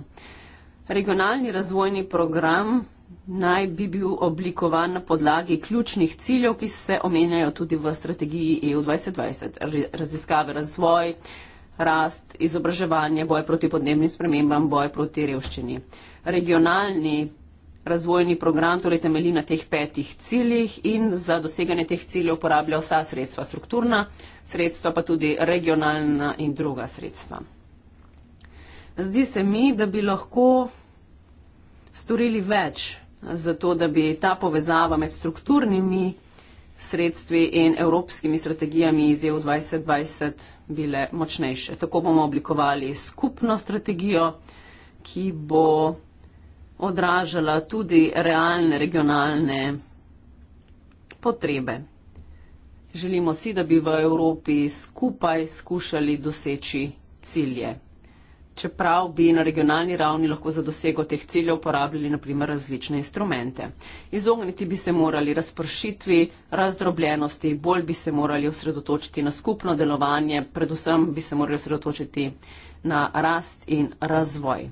Regionalni razvojni program naj bi bil oblikovan na podlagi ključnih ciljev, ki se omenjajo tudi v strategiji EU 2020. Raziskave, razvoj, rast, izobraževanje, boj proti podnebnim spremembam, boj proti revščini. Regionalni razvojni program torej temelji na teh petih ciljih in za doseganje teh ciljev uporablja vsa sredstva, strukturna sredstva, pa tudi regionalna in druga sredstva. Zdi se mi, da bi lahko storili več za to, da bi ta povezava med strukturnimi sredstvi in evropskimi strategijami iz EU 2020 bile močnejše. Tako bomo oblikovali skupno strategijo, ki bo odražala tudi realne regionalne potrebe. Želimo si, da bi v Evropi skupaj skušali doseči cilje. Čeprav bi na regionalni ravni lahko za dosego teh ciljev uporabljali naprimer različne instrumente. Izogniti bi se morali razpršitvi, razdrobljenosti, bolj bi se morali osredotočiti na skupno delovanje, predvsem bi se morali osredotočiti na rast in razvoj.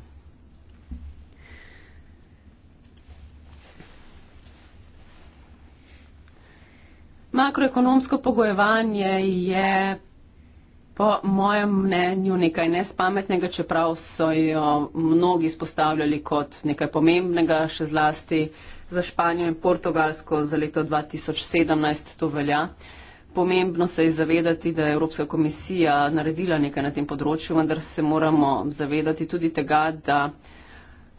Makroekonomsko pogojevanje je po mojem mnenju nekaj nespametnega, čeprav so jo mnogi spostavljali kot nekaj pomembnega, še zlasti za Španijo in Portugalsko za leto 2017 to velja. Pomembno se je zavedati, da je Evropska komisija naredila nekaj na tem področju, vendar se moramo zavedati tudi tega, da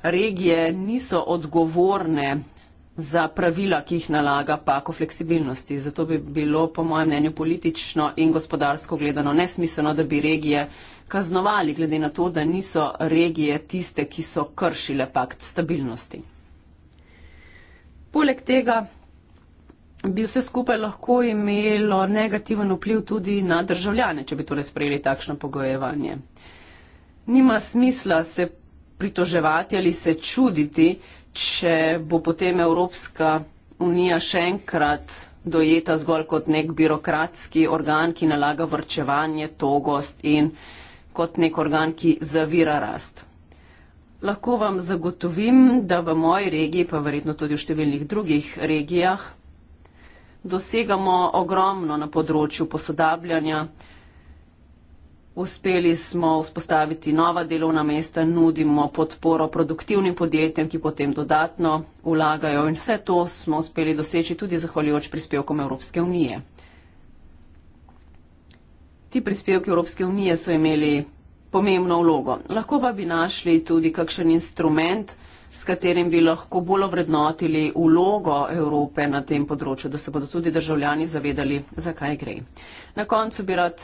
regije niso odgovorne za pravila, ki jih nalaga pako fleksibilnosti. Zato bi bilo, po mojem mnenju, politično in gospodarsko gledano nesmiselno, da bi regije kaznovali, glede na to, da niso regije tiste, ki so kršile pakt stabilnosti. Poleg tega bi vse skupaj lahko imelo negativen vpliv tudi na državljane, če bi torej sprejeli takšno pogojevanje. Nima smisla se pritoževati ali se čuditi, če bo potem Evropska unija še enkrat dojeta zgolj kot nek birokratski organ, ki nalaga vrčevanje, togost in kot nek organ, ki zavira rast. Lahko vam zagotovim, da v moji regiji, pa verjetno tudi v številnih drugih regijah, dosegamo ogromno na področju posodabljanja, Uspeli smo vzpostaviti nova delovna mesta, nudimo podporo produktivnim podjetjem, ki potem dodatno vlagajo in vse to smo uspeli doseči tudi zahvaljujoč prispevkom Evropske unije. Ti prispevki Evropske unije so imeli pomembno vlogo. Lahko pa bi našli tudi kakšen instrument, s katerim bi lahko bolj vrednotili vlogo Evrope na tem področju, da se bodo tudi državljani zavedali, zakaj gre. Na koncu bi rad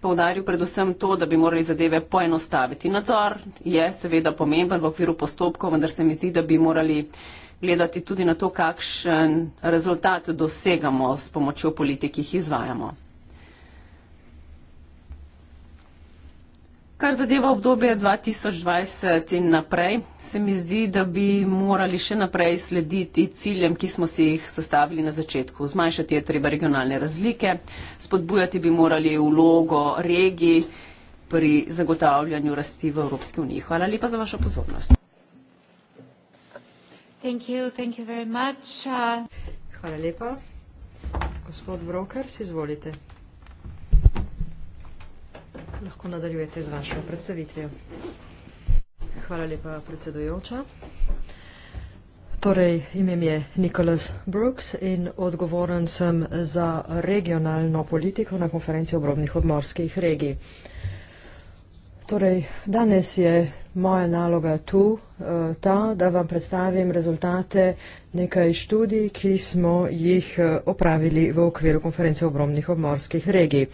Poudaril predvsem to, da bi morali zadeve poenostaviti. Nadzor je seveda pomemben v okviru postopkov, vendar se mi zdi, da bi morali gledati tudi na to, kakšen rezultat dosegamo s pomočjo politik, ki jih izvajamo. Kar zadeva obdobje 2020 in naprej, se mi zdi, da bi morali še naprej slediti ciljem, ki smo si jih zastavili na začetku. Zmanjšati je treba regionalne razlike, spodbujati bi morali vlogo regij pri zagotavljanju rasti v Evropski uniji. Hvala lepa za vašo pozornost. Thank you, thank you very much. Hvala lepa. Gospod Broker, si izvolite lahko nadaljujete z vašo predstavitvijo. Hvala lepa, predsedujoča. Torej, imem je Nicholas Brooks in odgovoren sem za regionalno politiko na konferenci obrobnih odmorskih regij. Torej, danes je moja naloga tu eh, ta, da vam predstavim rezultate nekaj študij, ki smo jih eh, opravili v okviru konference obrobnih obmorskih regij.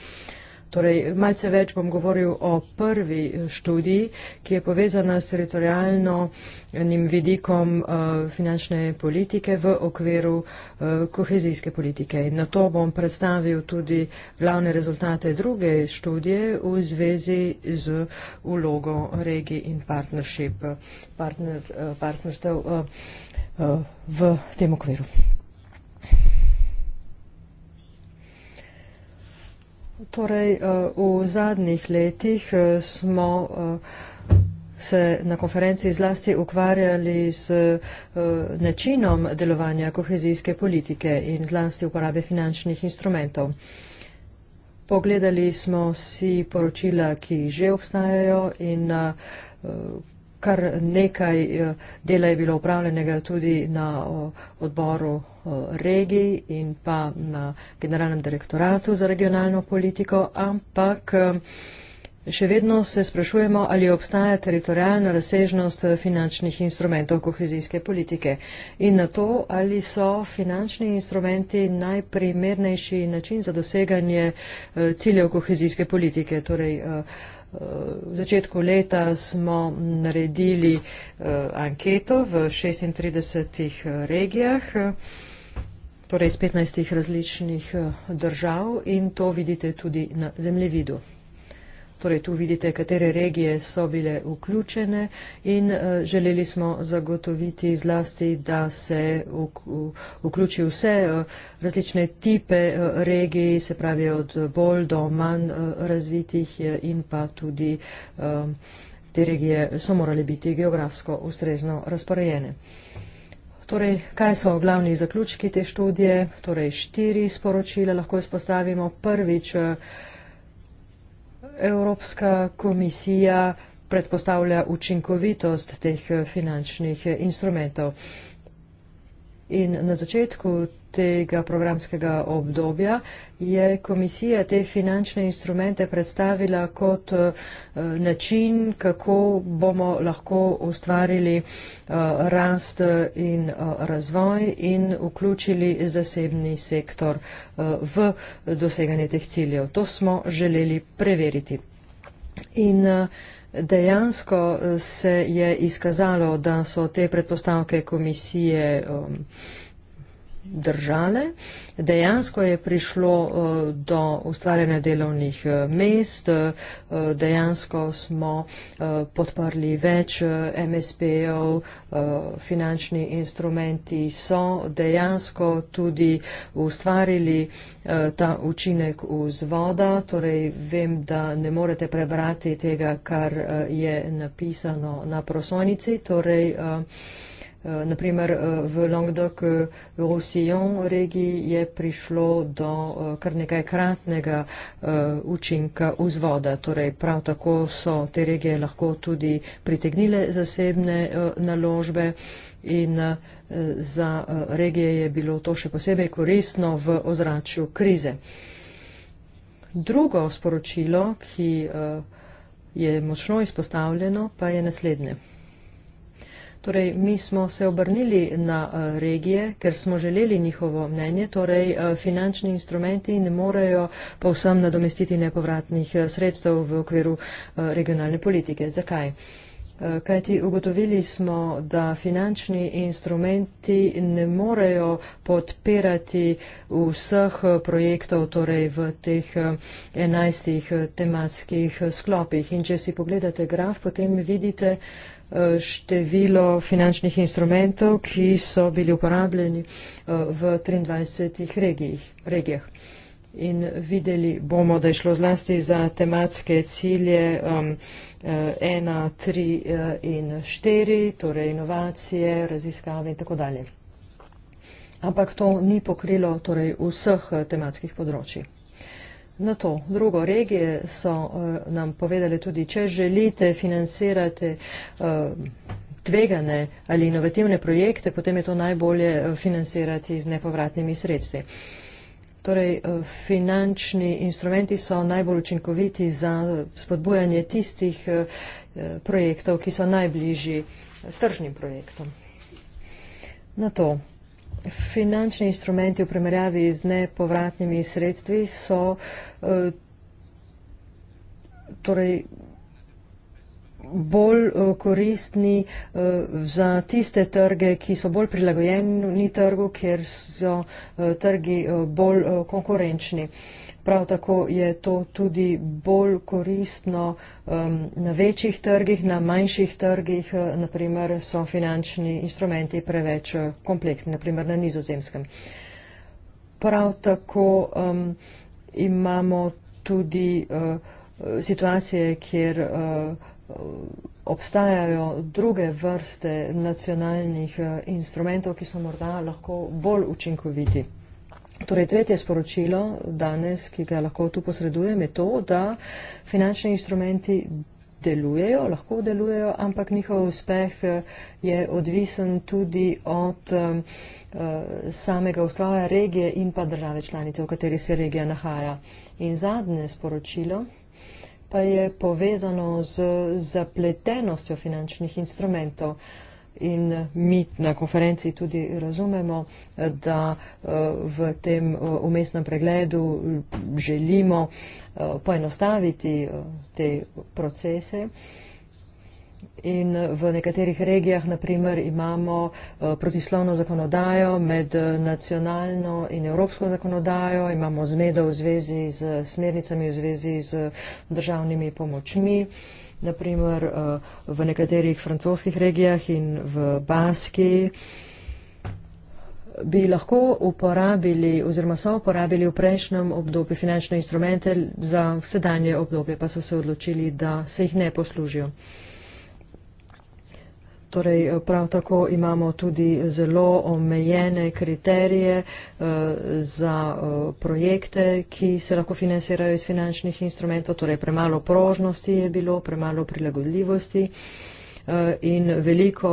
Torej, malce več bom govoril o prvi študiji, ki je povezana s teritorijalnim vidikom eh, finančne politike v okviru eh, kohezijske politike. Na to bom predstavil tudi glavne rezultate druge študije v zvezi z ulogo regij in partnership, partner, eh, partnerstev v tem okviru. Thank you. Torej, eh, v zadnjih letih eh, smo eh, se na konferenci zlasti ukvarjali z načinom delovanja kohezijske politike in zlasti uporabe finančnih instrumentov. Pogledali smo si poročila, ki že obstajajo in kar nekaj dela je bilo upravljenega tudi na odboru regiji in pa na generalnem direktoratu za regionalno politiko, ampak eh, še vedno se sprašujemo, ali obstaja teritorijalna razsežnost eh, finančnih instrumentov kohezijske politike in na to, ali so finančni instrumenti najprimernejši način za doseganje eh, ciljev kohezijske politike. Torej, V začetku leta smo naredili anketo v 36 regijah torej iz 15 različnih eh, držav in to vidite tudi na zemljevidu. Torej, tu vidite, katere regije so bile vključene in uh, želeli smo zagotoviti zlasti, da se v, v, vključi vse uh, različne tipe uh, regij, se pravi od bolj do manj uh, razvitih in pa tudi uh, te regije so morali biti geografsko ustrezno razporejene. Uh, Torej, kaj so glavni zaključki te študije? Torej, štiri sporočila lahko izpostavimo. Prvič, eh, Evropska komisija predpostavlja učinkovitost teh eh, finančnih eh, instrumentov. In na začetku tega programskega obdobja je komisija te finančne instrumente predstavila kot eh, način, kako bomo lahko ustvarili eh, rast eh, in razvoj in vključili zasebni sektor v doseganje teh ciljev. To smo želeli preveriti. In uh, dejansko eh, se je izkazalo, da so te predpostavke komisije um, držale. Dejansko je prišlo eh, do ustvarjanja delovnih eh, mest, eh, dejansko smo podprli več MSP-ov, finančni instrumenti so dejansko tudi ustvarili ta učinek vz voda, torej vem, da ne morete prebrati tega, kar je napisano na prosonici. Torej, naprimer eh, v Languedoc eh, v Rusijon regiji je prišlo do eh, kar nekaj kratnega učinka vzvoda. Torej prav tako so te regije lahko tudi pritegnile zasebne naložbe in za regije je bilo to še posebej koristno v ozračju krize. Drugo sporočilo, ki je močno izpostavljeno, pa je naslednje. Torej, mi smo se obrnili na eh, regije, ker smo želeli njihovo mnenje, torej eh, finančni instrumenti ne morejo povsem nadomestiti nepovratnih eh, sredstev v okviru regionalne politike. Zakaj? Kajti ugotovili smo, da finančni instrumenti ne morejo podpirati vseh projektov torej v teh enajstih tematskih sklopih. In če si pogledate graf, potem vidite, Eh, število finančnih instrumentov, ki so bili uporabljeni eh, v 23 regijih, regijah. In videli bomo, da je šlo zlasti za tematske cilje 1, um, 3 eh, in 4, torej inovacije, raziskave in tako dalje. Ampak to ni pokrilo torej, vseh tematskih področji. Na to drugo regije so uh, nam povedali tudi, če želite financirati uh, tvegane ali inovativne projekte, potem je to najbolje eh, financirati z nepovratnimi sredstvi. Torej, finančni instrumenti so najbolj učinkoviti za spodbujanje tistih projektov, ki so najbližji tržnim projektom. Na to Finančni instrumenti v primerjavi z nepovratnimi sredstvi so eh, torej, bolj eh, koristni eh, za tiste trge, ki so bolj prilagojeni trgu, ker so trgi bolj konkurenčni. Prav tako je to tudi bolj koristno um, na večjih trgih, na manjših trgih, uh, naprimer so finančni instrumenti preveč uh, kompleksni, naprimer na nizozemskem. Prav tako um, imamo tudi uh, situacije, kjer uh, obstajajo druge vrste nacionalnih uh, instrumentov, ki so morda lahko bolj učinkoviti. Torej, tretje sporočilo danes, ki ga lahko tu posredujem, je to, da finančni instrumenti delujejo, lahko delujejo, ampak njihov uspeh eh, je odvisen tudi od eh, eh, samega ustroja regije in pa države članice, v kateri se regija nahaja. In zadnje sporočilo pa je povezano z zapletenostjo finančnih instrumentov in mi na konferenci tudi razumemo, da eh, v tem umestnem eh, pregledu eh, želimo poenostaviti te procese. In v nekaterih regijah, naprimer, imamo protislovno zakonodajo med nacionalno in evropsko zakonodajo, imamo zmedo v zvezi z smernicami, v zvezi z državnimi pomočmi naprimer eh, v nekaterih francoskih regijah in v Baski, bi lahko uporabili oziroma so uporabili v prejšnjem obdobju finančne instrumente, za sedanje obdobje pa so se odločili, da se jih ne poslužijo. Torej, eh, prav tako imamo tudi zelo omejene kriterije uh, za uh, projekte, ki se lahko financirajo iz finančnih instrumentov, torej premalo prožnosti je bilo, premalo prilagodljivosti in veliko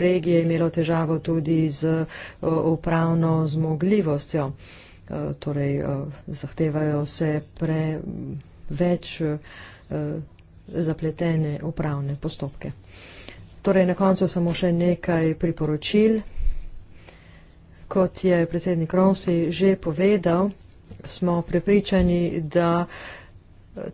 regije je imelo težavo tudi z upravno zmogljivostjo. Torej, zahtevajo se preveč zapletene upravne postopke. Torej, na koncu samo še nekaj priporočil. Kot je predsednik Ronsi že povedal, smo prepričani, da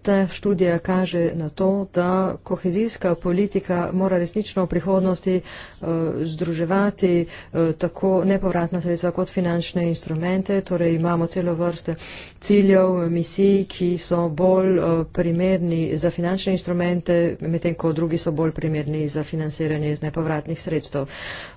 Ta študija kaže na to, da kohezijska politika mora resnično v prihodnosti uh, združevati uh, tako nepovratna sredstva kot finančne instrumente. Torej imamo celo vrste ciljev, misij, ki so bolj uh, primerni za finančne instrumente, medtem ko drugi so bolj primerni za financiranje iz nepovratnih sredstev.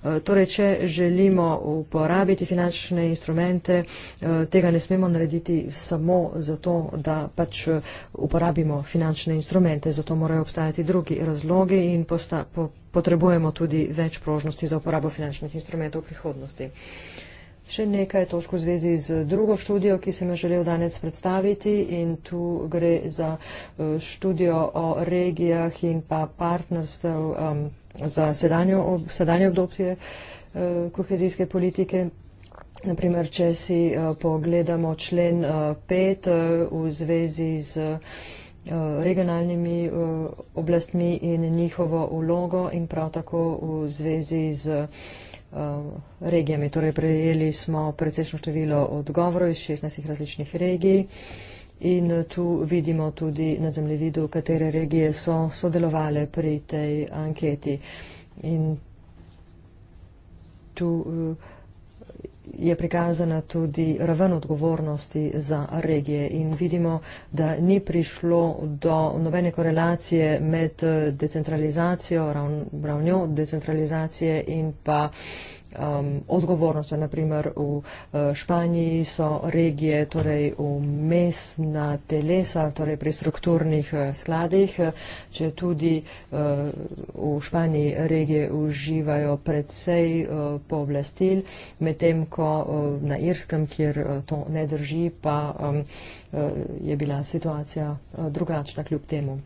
Uh, torej, če želimo uporabiti finančne instrumente, uh, tega ne smemo narediti samo zato, da pač uh, uporabimo finančne instrumente, zato morajo obstajati drugi razlogi in posta, po, potrebujemo tudi več prožnosti za uporabo finančnih instrumentov v prihodnosti. Še nekaj točk v zvezi z drugo študijo, ki sem jo želel danes predstaviti in tu gre za eh, študijo o regijah in pa partnerstv um, za sedanjo, sedanje obdobje uh, kohezijske politike. Naprimer, če si uh, pogledamo člen 5 uh, uh, v zvezi z uh, regionalnimi uh, oblastmi in njihovo vlogo in prav tako v zvezi z uh, regijami. Torej, prejeli smo precejšno število odgovorov iz 16 različnih regij. In tu vidimo tudi na zemljevidu, katere regije so sodelovale pri tej anketi. In tu uh, je prikazana tudi raven odgovornosti za regije in vidimo, da ni prišlo do nobene korelacije med decentralizacijo, ravnjo decentralizacije in pa um, odgovornosti. Naprimer, v uh, Španiji so regije, torej v mestna telesa, torej pri strukturnih uh, skladih, če tudi uh, v Španiji regije uživajo predvsej uh, povlastil, medtem ko uh, na Irskem, kjer uh, to ne drži, pa um, uh, je bila situacija uh, drugačna kljub temu.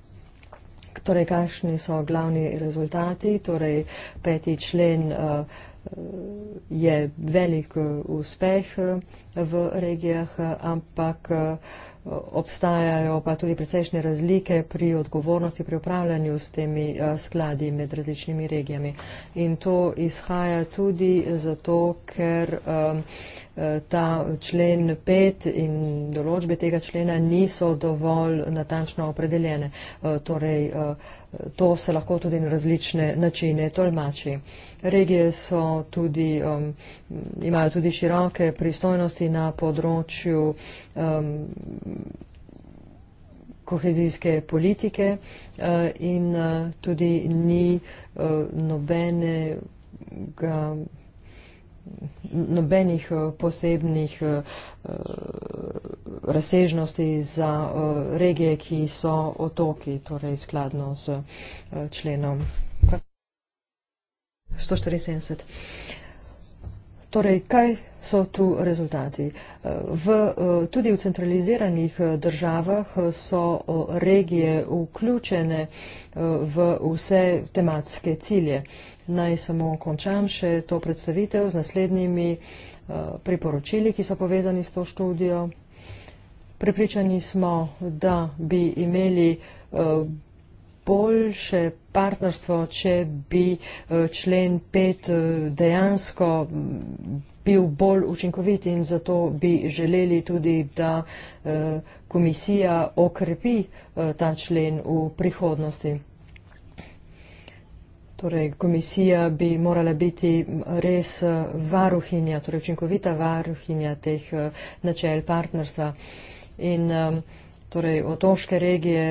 Torej, kakšni so glavni rezultati? Torej, peti člen. Uh, je velik eh, uspeh eh, v regijah, eh, ampak obstajajo pa tudi precejšnje razlike pri odgovornosti, pri upravljanju s temi skladi med različnimi regijami. In to izhaja tudi zato, ker Eh, ta člen 5 in določbe tega člena niso dovolj natančno opredeljene. Eh, torej, eh, to se lahko tudi na različne načine tolmači. Regije so tudi, um, imajo tudi široke pristojnosti na področju um, kohezijske politike uh, in uh, tudi ni uh, nobenega nobenih eh, posebnih eh, eh, razsežnosti za regije, ki so otoki, torej skladno s členom 174. Torej, kaj so tu rezultati? Eh, v, eh, tudi v centraliziranih eh, državah so regije vključene v vse tematske cilje. Naj samo končam še to predstavitev z naslednjimi priporočili, ki so povezani s to študijo. Pripričani smo, da bi imeli boljše partnerstvo, če bi eh, člen 5 eh, dejansko mm, bil bolj učinkovit in zato bi želeli tudi, da eh, komisija okrepi ta člen v prihodnosti. Torej, komisija bi morala biti res varuhinja, torej učinkovita varuhinja teh načel partnerstva. In torej, otoške regije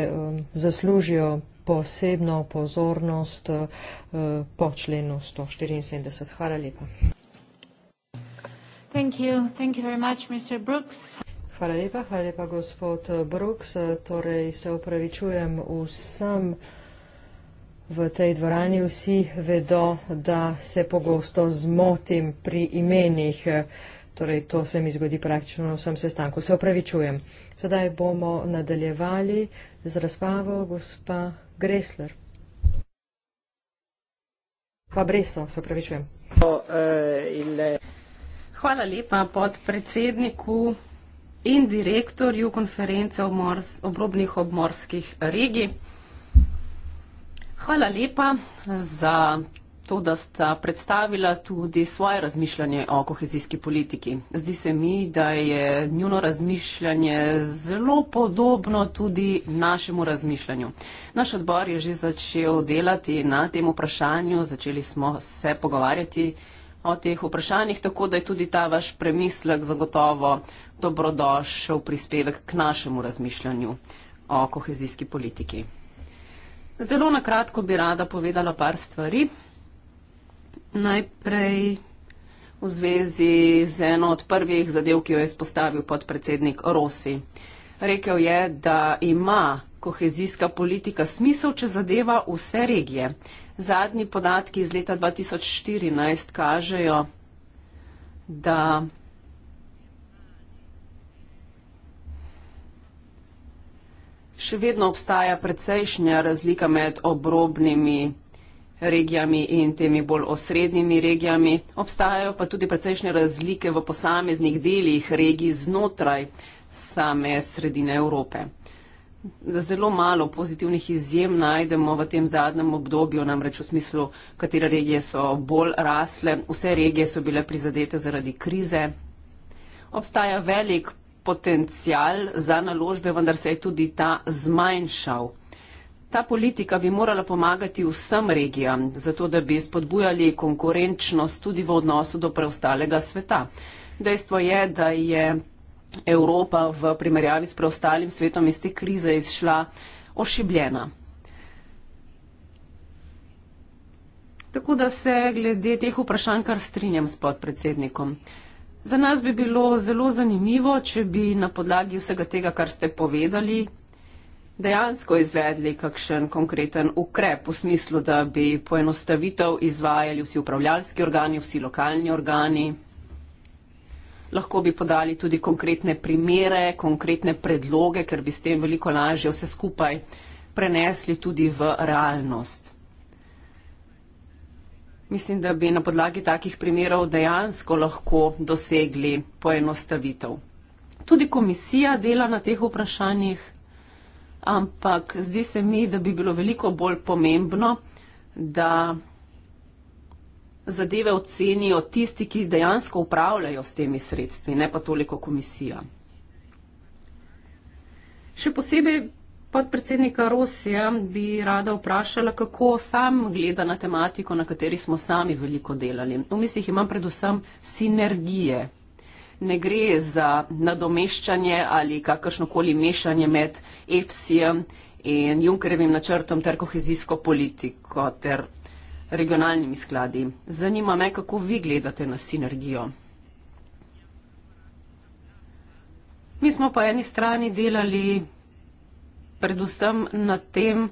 zaslužijo posebno pozornost eh, po členu 174. Hvala lepa. Thank you. Thank you very much, Mr. Brooks. Hvala lepa, hvala lepa, gospod eh, Brooks. Eh, torej se upravičujem vsem v tej dvorani. Vsi vedo, da se pogosto zmotim pri imenih. Torej to se mi zgodi praktično na vsem sestanku. Se upravičujem. Sedaj bomo nadaljevali z razpavo, gospa Gressler. Pa Bresso, se opravičujem. Hvala lepa podpredsedniku in direktorju konference obmors, obrobnih obmorskih regij. Hvala lepa za to, da sta predstavila tudi svoje razmišljanje o kohezijski politiki. Zdi se mi, da je njuno razmišljanje zelo podobno tudi našemu razmišljanju. Naš odbor je že začel delati na tem vprašanju, začeli smo se pogovarjati o teh vprašanjih, tako da je tudi ta vaš premislek zagotovo dobrodošel prispevek k našemu razmišljanju o kohezijski politiki. Zelo na kratko bi rada povedala par stvari najprej v zvezi z eno od prvih zadev, ki jo je spostavil podpredsednik Rosi. Rekel je, da ima kohezijska politika smisel, če zadeva vse regije. Zadnji podatki iz leta 2014 kažejo, da še vedno obstaja precejšnja razlika med obrobnimi regijami in temi bolj osrednjimi regijami. Obstajajo pa tudi precejšnje razlike v posameznih delih regij znotraj same sredine Evrope. Zelo malo pozitivnih izjem najdemo v tem zadnjem obdobju, namreč v smislu, katere regije so bolj rasle. Vse regije so bile prizadete zaradi krize. Obstaja velik potencial za naložbe, vendar se je tudi ta zmanjšal. Ta politika bi morala pomagati vsem regijam, zato da bi spodbujali konkurenčnost tudi v odnosu do preostalega sveta. Dejstvo je, da je Evropa v primerjavi s preostalim svetom iz te krize izšla ošibljena. Tako da se glede teh vprašanj kar strinjam s podpredsednikom. Za nas bi bilo zelo zanimivo, če bi na podlagi vsega tega, kar ste povedali, dejansko izvedli kakšen konkreten ukrep v smislu, da bi poenostavitev izvajali vsi upravljalski organi, vsi lokalni organi. Lahko bi podali tudi konkretne primere, konkretne predloge, ker bi s tem veliko lažje vse skupaj prenesli tudi v realnost. Mislim, da bi na podlagi takih primerov dejansko lahko dosegli poenostavitev. Tudi komisija dela na teh vprašanjih ampak zdi se mi, da bi bilo veliko bolj pomembno, da zadeve ocenijo tisti, ki dejansko upravljajo s temi sredstvi, ne pa toliko komisija. Še posebej podpredsednika Rosija bi rada vprašala, kako sam gleda na tematiko, na kateri smo sami veliko delali. V mislih imam predvsem sinergije ne gre za nadomeščanje ali kakršnokoli mešanje med EPSI-jem in Junkerjevim načrtom ter kohezijsko politiko ter regionalnimi skladi. Zanima me, kako vi gledate na sinergijo. Mi smo po eni strani delali predvsem na tem,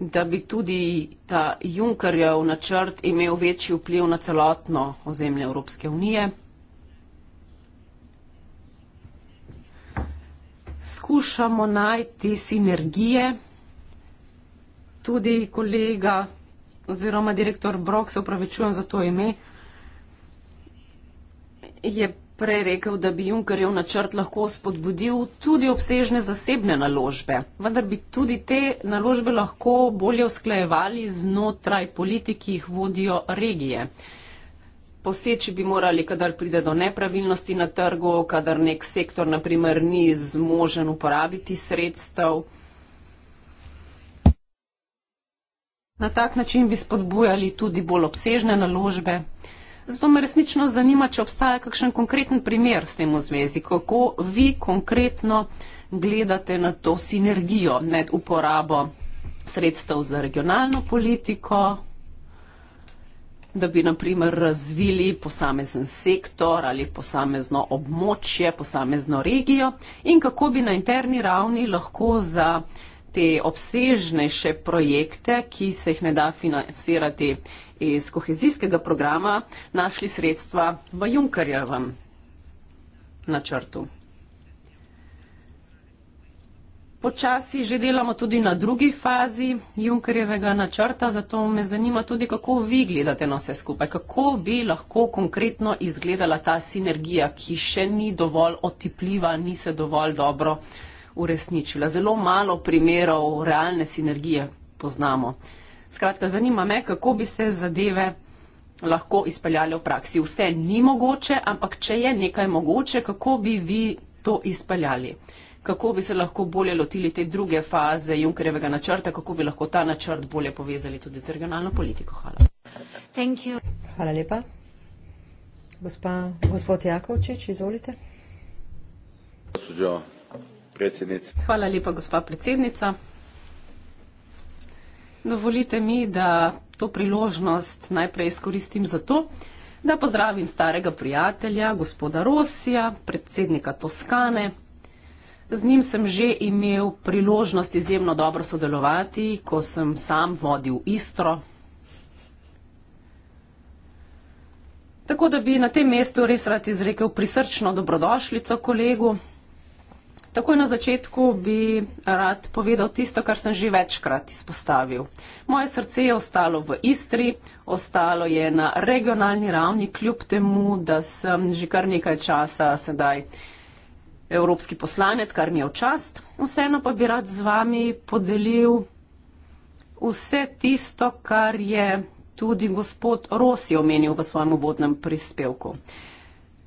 da bi tudi ta Junkerjev načrt imel večji vpliv na celotno ozemlje Evropske unije. skušamo najti sinergije. Tudi kolega oziroma direktor Brok, se upravičujem za to ime, je prej rekel, da bi Junkerjev načrt lahko spodbudil tudi obsežne zasebne naložbe. Vendar bi tudi te naložbe lahko bolje usklajevali znotraj politik, ki jih vodijo regije poseči bi morali, kadar pride do nepravilnosti na trgu, kadar nek sektor, naprimer, ni zmožen uporabiti sredstev. Na tak način bi spodbujali tudi bolj obsežne naložbe. Zato me resnično zanima, če obstaja kakšen konkreten primer s tem v zvezi, kako vi konkretno gledate na to sinergijo med uporabo sredstev za regionalno politiko, da bi naprimer razvili posamezen sektor ali posamezno območje, posamezno regijo in kako bi na interni ravni lahko za te obsežnejše projekte, ki se jih ne da financirati iz kohezijskega programa, našli sredstva v Junkerjevem načrtu. Počasi že delamo tudi na drugi fazi Junkerjevega načrta, zato me zanima tudi, kako vi gledate na vse skupaj, kako bi lahko konkretno izgledala ta sinergija, ki še ni dovolj otipljiva, ni se dovolj dobro uresničila. Zelo malo primerov realne sinergije poznamo. Skratka, zanima me, kako bi se zadeve lahko izpeljale v praksi. Vse ni mogoče, ampak če je nekaj mogoče, kako bi vi to izpeljali? kako bi se lahko bolje lotili te druge faze Junkerjevega načrta, kako bi lahko ta načrt bolje povezali tudi z regionalno politiko. Hvala. Hvala lepa. Gospa, gospod Jakovčič, izvolite. Hvala lepa, gospa predsednica. Dovolite mi, da to priložnost najprej izkoristim za to, da pozdravim starega prijatelja, gospoda Rosija, predsednika Toskane, Z njim sem že imel priložnost izjemno dobro sodelovati, ko sem sam vodil Istro. Tako da bi na tem mestu res rad izrekel prisrčno dobrodošljico kolegu. Takoj na začetku bi rad povedal tisto, kar sem že večkrat izpostavil. Moje srce je ostalo v Istri, ostalo je na regionalni ravni, kljub temu, da sem že kar nekaj časa sedaj evropski poslanec, kar mi je v čast. Vseeno pa bi rad z vami podelil vse tisto, kar je tudi gospod Rosi omenil v svojem uvodnem prispevku.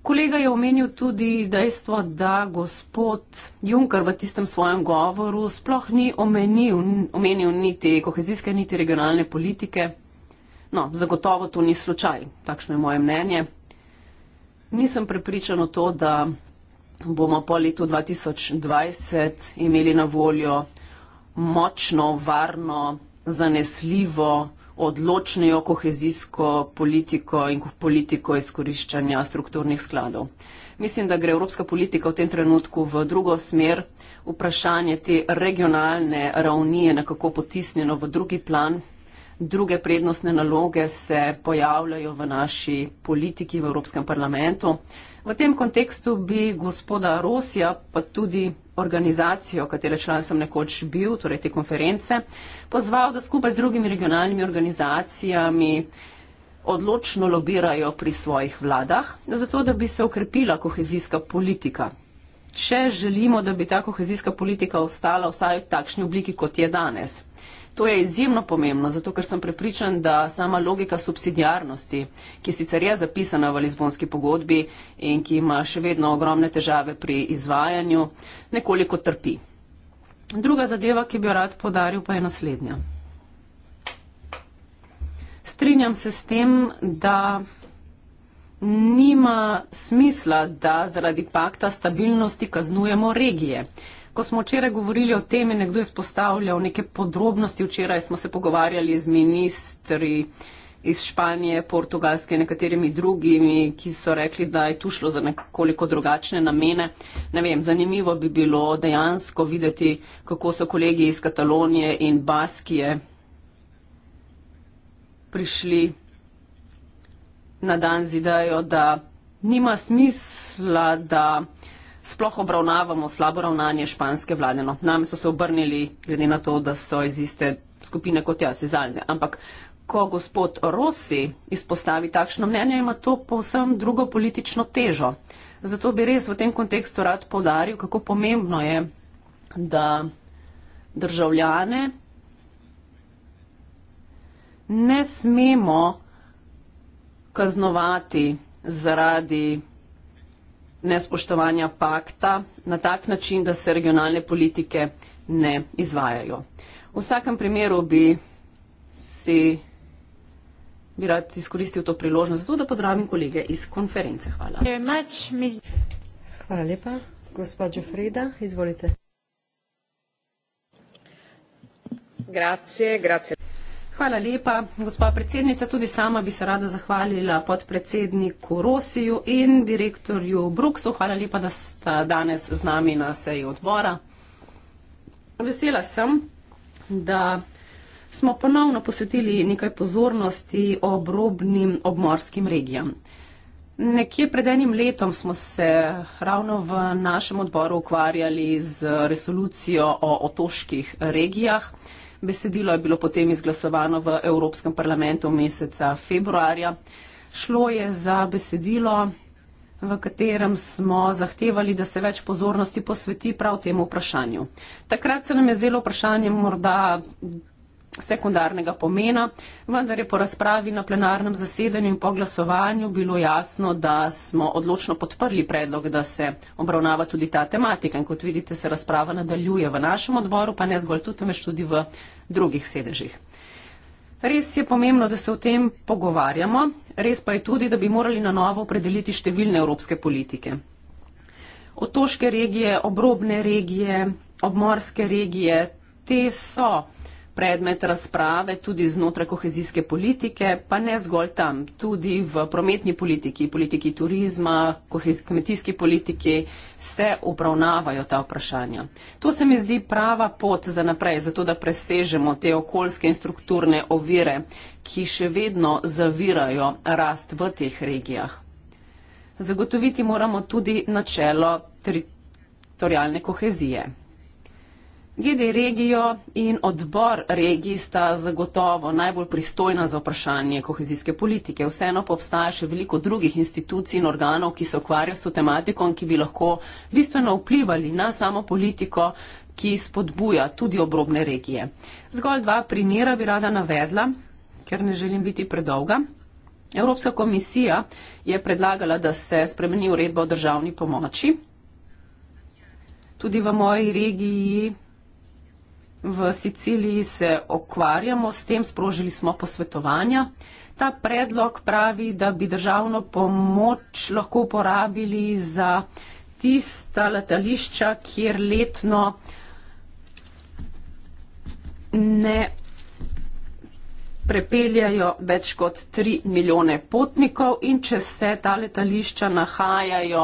Kolega je omenil tudi dejstvo, da gospod Juncker v tistem svojem govoru sploh ni omenil, omenil niti kohezijske, niti regionalne politike. No, zagotovo to ni slučaj, takšno je moje mnenje. Nisem prepričan o to, da bomo po letu 2020 imeli na voljo močno, varno, zanesljivo, odločnejo kohezijsko politiko in politiko izkoriščanja strukturnih skladov. Mislim, da gre evropska politika v tem trenutku v drugo smer. Vprašanje te regionalne ravni je nekako potisnjeno v drugi plan. Druge prednostne naloge se pojavljajo v naši politiki v Evropskem parlamentu. V tem kontekstu bi gospoda Rosija, pa tudi organizacijo, katere član sem nekoč bil, torej te konference, pozval, da skupaj z drugimi regionalnimi organizacijami odločno lobirajo pri svojih vladah, zato da bi se okrepila kohezijska politika če želimo, da bi ta kohezijska politika ostala vsaj v takšni obliki, kot je danes. To je izjemno pomembno, zato ker sem prepričan, da sama logika subsidijarnosti, ki sicer je zapisana v Lizbonski pogodbi in ki ima še vedno ogromne težave pri izvajanju, nekoliko trpi. Druga zadeva, ki bi jo rad podaril, pa je naslednja. Strinjam se s tem, da nima smisla, da zaradi pakta stabilnosti kaznujemo regije. Ko smo včeraj govorili o tem, je nekdo izpostavljal neke podrobnosti. Včeraj smo se pogovarjali z ministri iz Španije, Portugalske in nekaterimi drugimi, ki so rekli, da je tu šlo za nekoliko drugačne namene. Ne vem, zanimivo bi bilo dejansko videti, kako so kolegi iz Katalonije in Baskije prišli na dan z idejo, da nima smisla, da sploh obravnavamo slabo ravnanje španske vlade. No, nam so se obrnili glede na to, da so iz iste skupine kot jaz, iz Alde. Ampak ko gospod Rossi izpostavi takšno mnenje, ima to povsem drugo politično težo. Zato bi res v tem kontekstu rad podaril, kako pomembno je, da državljane ne smemo kaznovati zaradi nespoštovanja pakta na tak način, da se regionalne politike ne izvajajo. V vsakem primeru bi si bi rad izkoristil to priložnost, zato da pozdravim kolege iz konference. Hvala. Hvala lepa. Gospod Džofrida, izvolite. Grazie, grazie. Hvala lepa, gospa predsednica. Tudi sama bi se rada zahvalila podpredsedniku Rosiju in direktorju Bruksu. Hvala lepa, da sta danes z nami na seji odbora. Vesela sem, da smo ponovno posvetili nekaj pozornosti obrobnim obmorskim regijam. Nekje pred enim letom smo se ravno v našem odboru ukvarjali z resolucijo o otoških regijah. Besedilo je bilo potem izglasovano v Evropskem parlamentu meseca februarja. Šlo je za besedilo, v katerem smo zahtevali, da se več pozornosti posveti prav temu vprašanju. Takrat se nam je zdelo vprašanje morda sekundarnega pomena, vendar je po razpravi na plenarnem zasedanju in po glasovanju bilo jasno, da smo odločno podprli predlog, da se obravnava tudi ta tematika. In kot vidite, se razprava nadaljuje v našem odboru, pa ne zgolj tu, temveč tudi v drugih sedežih. Res je pomembno, da se o tem pogovarjamo, res pa je tudi, da bi morali na novo opredeliti številne evropske politike. Otoške regije, obrobne regije, obmorske regije, te so predmet razprave tudi znotraj kohezijske politike, pa ne zgolj tam, tudi v prometni politiki, politiki turizma, kmetijski politiki se obravnavajo ta vprašanja. To se mi zdi prava pot za naprej, zato da presežemo te okoljske in strukturne ovire, ki še vedno zavirajo rast v teh regijah. Zagotoviti moramo tudi načelo teritorijalne kohezije. Gede regijo in odbor regij sta zagotovo najbolj pristojna za vprašanje kohezijske politike. Vseeno pa obstaja še veliko drugih institucij in organov, ki se ukvarjajo s to tematiko in ki bi lahko bistveno vplivali na samo politiko, ki spodbuja tudi obrobne regije. Zgolj dva primera bi rada navedla, ker ne želim biti predolga. Evropska komisija je predlagala, da se spremeni uredba o državni pomoči. Tudi v moji regiji v Siciliji se okvarjamo s tem, sprožili smo posvetovanja. Ta predlog pravi, da bi državno pomoč lahko uporabili za tista letališča, kjer letno ne prepeljajo več kot 3 milijone potnikov in če se ta letališča nahajajo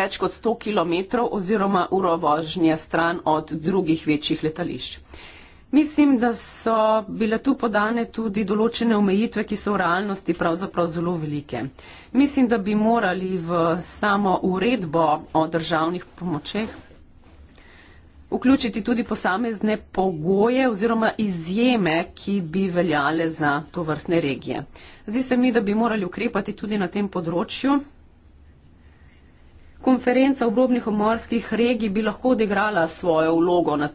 več kot 100 km oziroma uro vožnje stran od drugih večjih letališč. Mislim, da so bile tu podane tudi določene omejitve, ki so v realnosti pravzaprav zelo velike. Mislim, da bi morali v samo uredbo o državnih pomočeh vključiti tudi posamezne pogoje oziroma izjeme, ki bi veljale za to vrstne regije. Zdi se mi, da bi morali ukrepati tudi na tem področju. Konferenca obrobnih omorskih regij bi lahko odigrala svojo vlogo na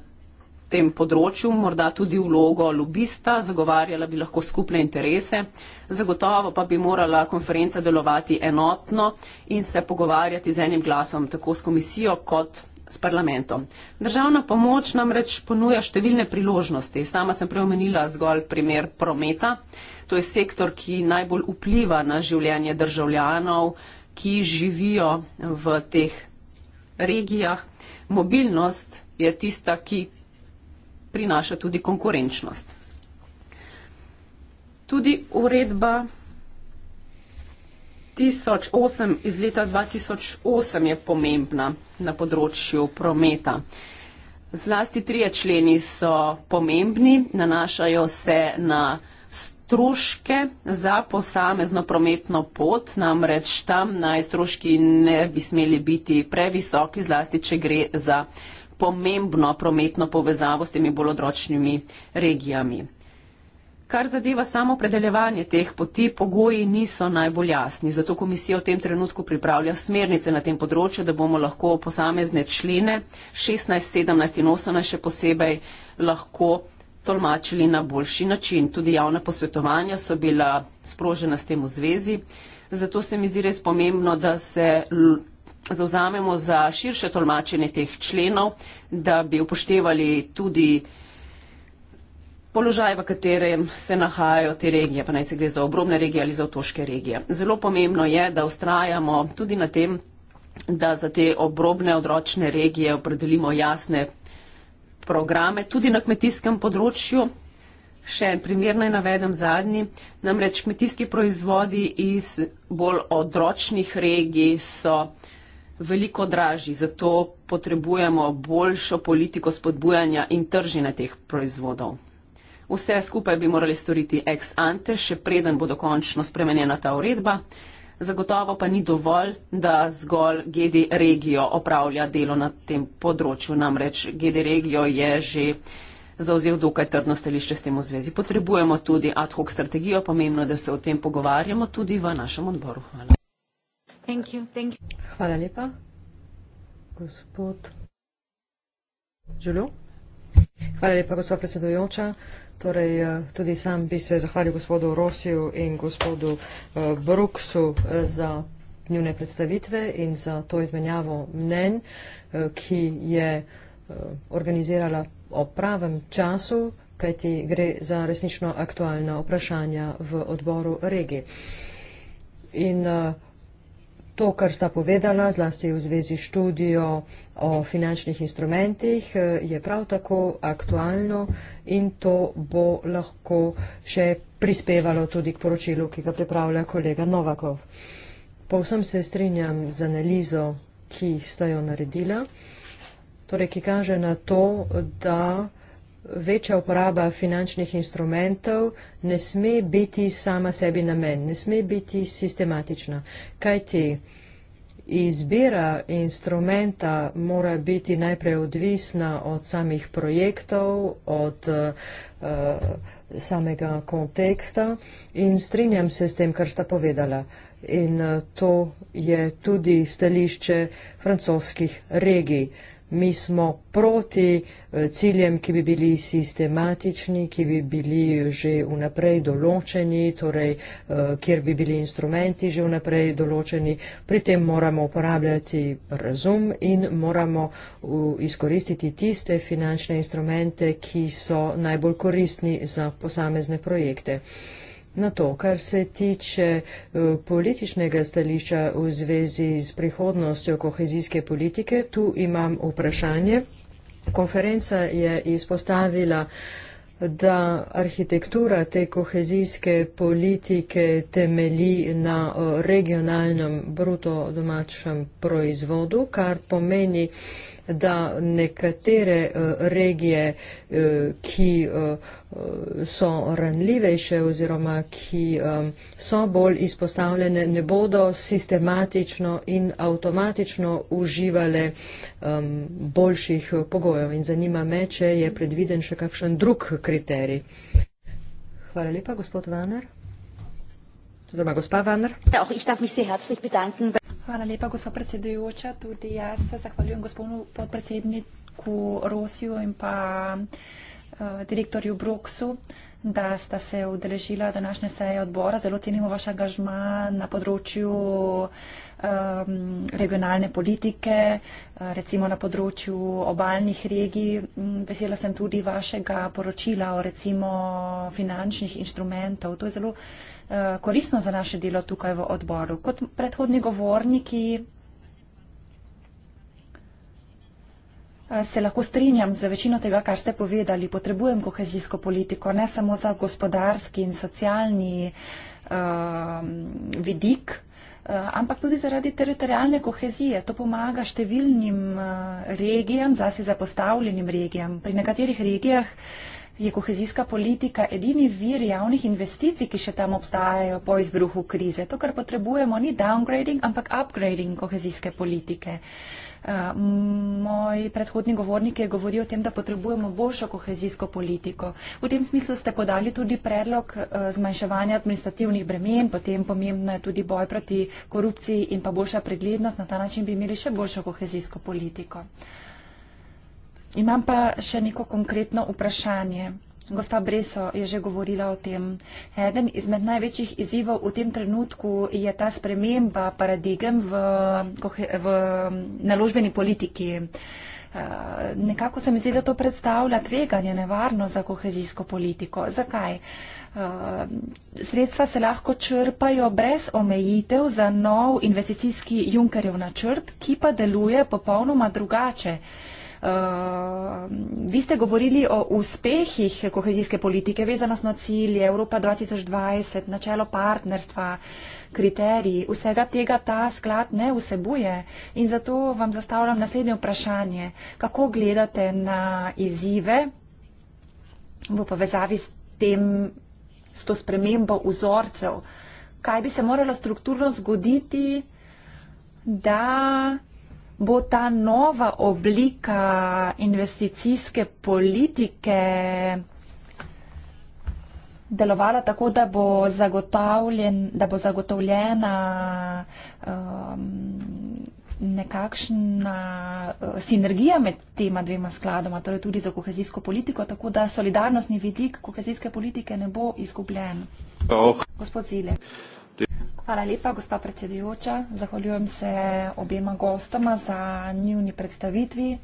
tem področju, morda tudi vlogo lobista, zagovarjala bi lahko skupne interese, zagotovo pa bi morala konferenca delovati enotno in se pogovarjati z enim glasom tako s komisijo kot s parlamentom. Državna pomoč namreč ponuja številne priložnosti. Sama sem preomenila zgolj primer prometa. To je sektor, ki najbolj vpliva na življenje državljanov, ki živijo v teh regijah. Mobilnost je tista, ki prinaša tudi konkurenčnost. Tudi uredba 2008, iz leta 2008 je pomembna na področju prometa. Zlasti trije členi so pomembni, nanašajo se na stroške za posamezno prometno pot, namreč tam naj stroški ne bi smeli biti previsoki, zlasti če gre za pomembno prometno povezavo s temi bolj odročnimi regijami. Kar zadeva samo predeljevanje teh poti, pogoji niso najbolj jasni. Zato komisija v tem trenutku pripravlja smernice na tem področju, da bomo lahko posamezne člene 16, 17 in 18 še posebej lahko tolmačili na boljši način. Tudi javna posvetovanja so bila sprožena s tem v zvezi. Zato se mi zdi res pomembno, da se zauzamemo za širše tolmačenje teh členov, da bi upoštevali tudi položaj, v katerem se nahajajo te regije, pa naj se gre za obrobne regije ali za otoške regije. Zelo pomembno je, da ustrajamo tudi na tem, da za te obrobne odročne regije opredelimo jasne programe, tudi na kmetijskem področju. Še en primer naj navedem zadnji, namreč kmetijski proizvodi iz bolj odročnih regij so veliko dražji, zato potrebujemo boljšo politiko spodbujanja in tržine teh proizvodov. Vse skupaj bi morali storiti ex ante, še preden bo dokončno spremenjena ta uredba. Zagotovo pa ni dovolj, da zgolj GD regijo opravlja delo na tem področju. Namreč GD regijo je že zauzel dokaj trdno stališče s tem v zvezi. Potrebujemo tudi ad hoc strategijo, pomembno, da se o tem pogovarjamo tudi v našem odboru. Hvala. Thank you, thank you. Hvala lepa. Gospod Žulju. Hvala lepa, gospod predsedujoča. Torej, eh, tudi sam bi se zahvalil gospodu Rosiju in gospodu eh, Bruksu eh, za njune predstavitve in za to izmenjavo mnen, ki je organizirala o pravem času, kajti gre za resnično aktualna vprašanja v odboru regi. In uh, to, kar sta povedala, zlasti v zvezi študijo o finančnih instrumentih, eh, je prav tako aktualno in to bo lahko še prispevalo tudi k poročilu, ki ga pripravlja kolega Novakov. Povsem se strinjam z analizo, ki sta jo naredila, torej ki kaže na to, da večja uporaba finančnih instrumentov ne sme biti sama sebi namen, ne sme biti sistematična. Kaj ti? Izbira instrumenta mora biti najprej odvisna od samih projektov, od uh, samega konteksta in strinjam se s tem, kar sta povedala. In uh, to je tudi stališče francoskih regij. Uh, mi smo proti eh, ciljem, ki bi bili sistematični, ki bi bili že vnaprej določeni, torej, eh, kjer bi bili instrumenti že vnaprej določeni. Pri tem moramo uporabljati razum in moramo izkoristiti tiste finančne instrumente, ki so najbolj koristni za posamezne projekte. Na to, kar se tiče eh, političnega stališča v zvezi z prihodnostjo kohezijske politike, tu imam vprašanje. Konferenca je izpostavila, da arhitektura te kohezijske politike temeli na eh, regionalnem bruto domačem proizvodu, kar pomeni, da nekatere eh, regije, eh, ki eh, so ranljivejše oziroma ki so bolj izpostavljene, ne bodo sistematično in avtomatično uživale boljših pogojev. In zanima me, če je predviden še kakšen drug kriterij. Hvala lepa, gospod Vaner. Zdaj, gospa Vaner. Ja, Hvala lepa, gospod predsedujoča. Tudi jaz se zahvaljujem gospodinu podpredsedniku Rosiju in pa eh, direktorju Broksu, da sta se udeležila današnje seje odbora. Zelo cenimo vaš angažma na področju um, regionalne politike, eh, recimo na področju obaljnih regij. Mm, vesela sem tudi vašega poročila o recimo finančnih inštrumentov. To je zelo Eh, koristno za naše delo tukaj v odboru. Kot predhodni govorniki eh, se lahko strinjam za večino tega, kar ste povedali. Potrebujem kohezijsko politiko, ne samo za gospodarski in socialni eh, vidik, Eh, ampak tudi zaradi teritorijalne kohezije. To pomaga številnim eh, regijam, zase zapostavljenim regijam. Pri nekaterih regijah je kohezijska politika edini vir javnih investicij, ki še tam obstajajo po izbruhu krize. To, kar potrebujemo, ni downgrading, ampak upgrading kohezijske politike. Uh, Eh, moj predhodni govornik je govoril o tem, da potrebujemo boljšo kohezijsko politiko. V tem smislu ste podali tudi predlog eh, zmanjševanja administrativnih bremen, potem pomembno je tudi boj proti korupciji in pa boljša preglednost. Na ta način bi imeli še boljšo kohezijsko politiko. Imam pa še neko konkretno vprašanje. Gospa Breso je že govorila o tem. Eden izmed največjih izzivov v tem trenutku je ta sprememba paradigem v, v naložbeni politiki. Eh, nekako se mi zdi, da to predstavlja tveganje, nevarno za kohezijsko politiko. Zakaj? Eh, sredstva se lahko črpajo brez omejitev za nov investicijski Junkerjev načrt, ki pa deluje popolnoma drugače. Eh, vi ste govorili o uspehih kohezijske politike, vezanost na cilje Evropa 2020, načelo partnerstva, kriteriji. Vsega tega ta sklad ne vsebuje in zato vam zastavljam naslednje vprašanje. Kako gledate na izzive v povezavi s tem, s to spremembo vzorcev? Kaj bi se moralo strukturno zgoditi, da bo ta nova oblika investicijske politike delovala tako, da bo, zagotovljen, da bo zagotovljena um, nekakšna uh, sinergija med tema dvema skladoma, torej tudi za kohezijsko politiko, tako da solidarnostni vidik kohezijske politike ne bo izgubljen. Oh. Gospod Zile. Hvala lepa, gospa predsedujoča. Zahvaljujem se obema gostoma za njivni predstavitvi.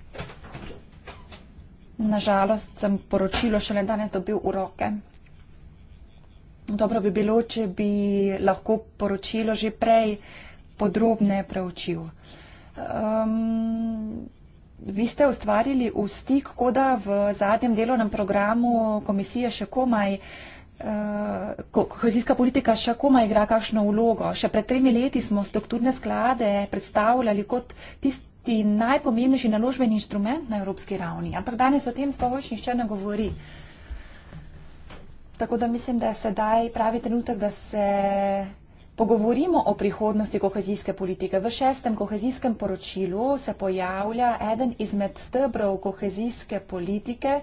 Nažalost sem poročilo šele danes dobil v roke. Dobro bi bilo, če bi lahko poročilo že prej podrobne preučil. Um, vi ste ustvarili v stik, kot da v zadnjem delovnem programu komisije še komaj uh, Eh, kohezijska politika še koma igra kakšno vlogo. Še pred tremi leti smo strukturne sklade predstavljali kot tisti najpomembnejši naložbeni instrument na evropski ravni, ampak danes o tem sploh nišče ne govori. Tako da mislim, da je sedaj pravi trenutek, da se pogovorimo o prihodnosti kohezijske politike. V šestem kohezijskem poročilu se pojavlja eden izmed stebrov kohezijske politike,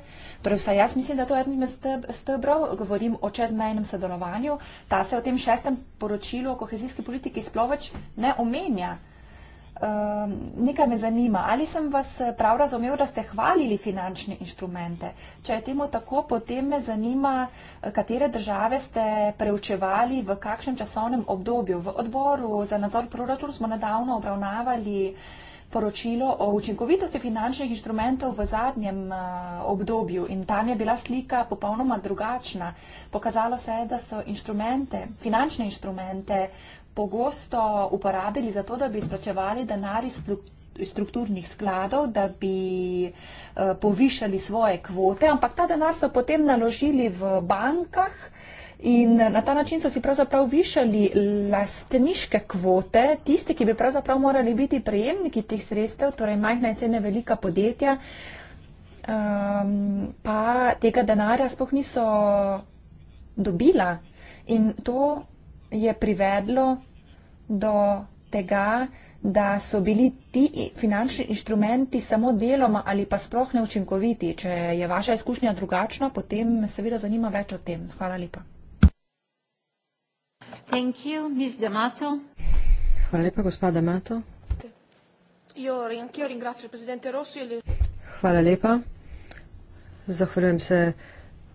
torej vsaj jaz mislim, da to je eden izmed stebrov, govorim o čezmejnem sodelovanju, ta se v tem šestem poročilu o kohezijski politiki sploh več ne omenja. Um, nekaj me zanima, ali sem vas eh, prav razumel, da ste hvalili finančne inštrumente. Če je temu tako, potem me zanima, eh, katere države ste preučevali, v kakšnem časovnem obdobju. V odboru za nadzor proračun smo nedavno obravnavali poročilo o učinkovitosti finančnih inštrumentov v zadnjem uh, obdobju in tam je bila slika popolnoma drugačna. Pokazalo se je, da so inštrumente, finančne inštrumente, uh, pogosto uporabili za to, da bi izplačevali denar iz strukturnih skladov, da bi eh, povišali svoje kvote, ampak ta denar so potem naložili v bankah. In na ta način so si pravzaprav višali lastniške kvote, tiste, ki bi pravzaprav morali biti prejemniki teh sredstev, torej majhna in cene velika podjetja, um, pa tega denarja spoh niso dobila. In to je privedlo do tega, da so bili ti finančni inštrumenti samo deloma ali pa sploh neučinkoviti. Če je vaša izkušnja drugačna, potem me seveda zanima več o tem. Hvala lepa. Thank you, Ms. D'Amato. Hvala lepa, gospod D'Amato. E Hvala lepa. Zahvaljujem se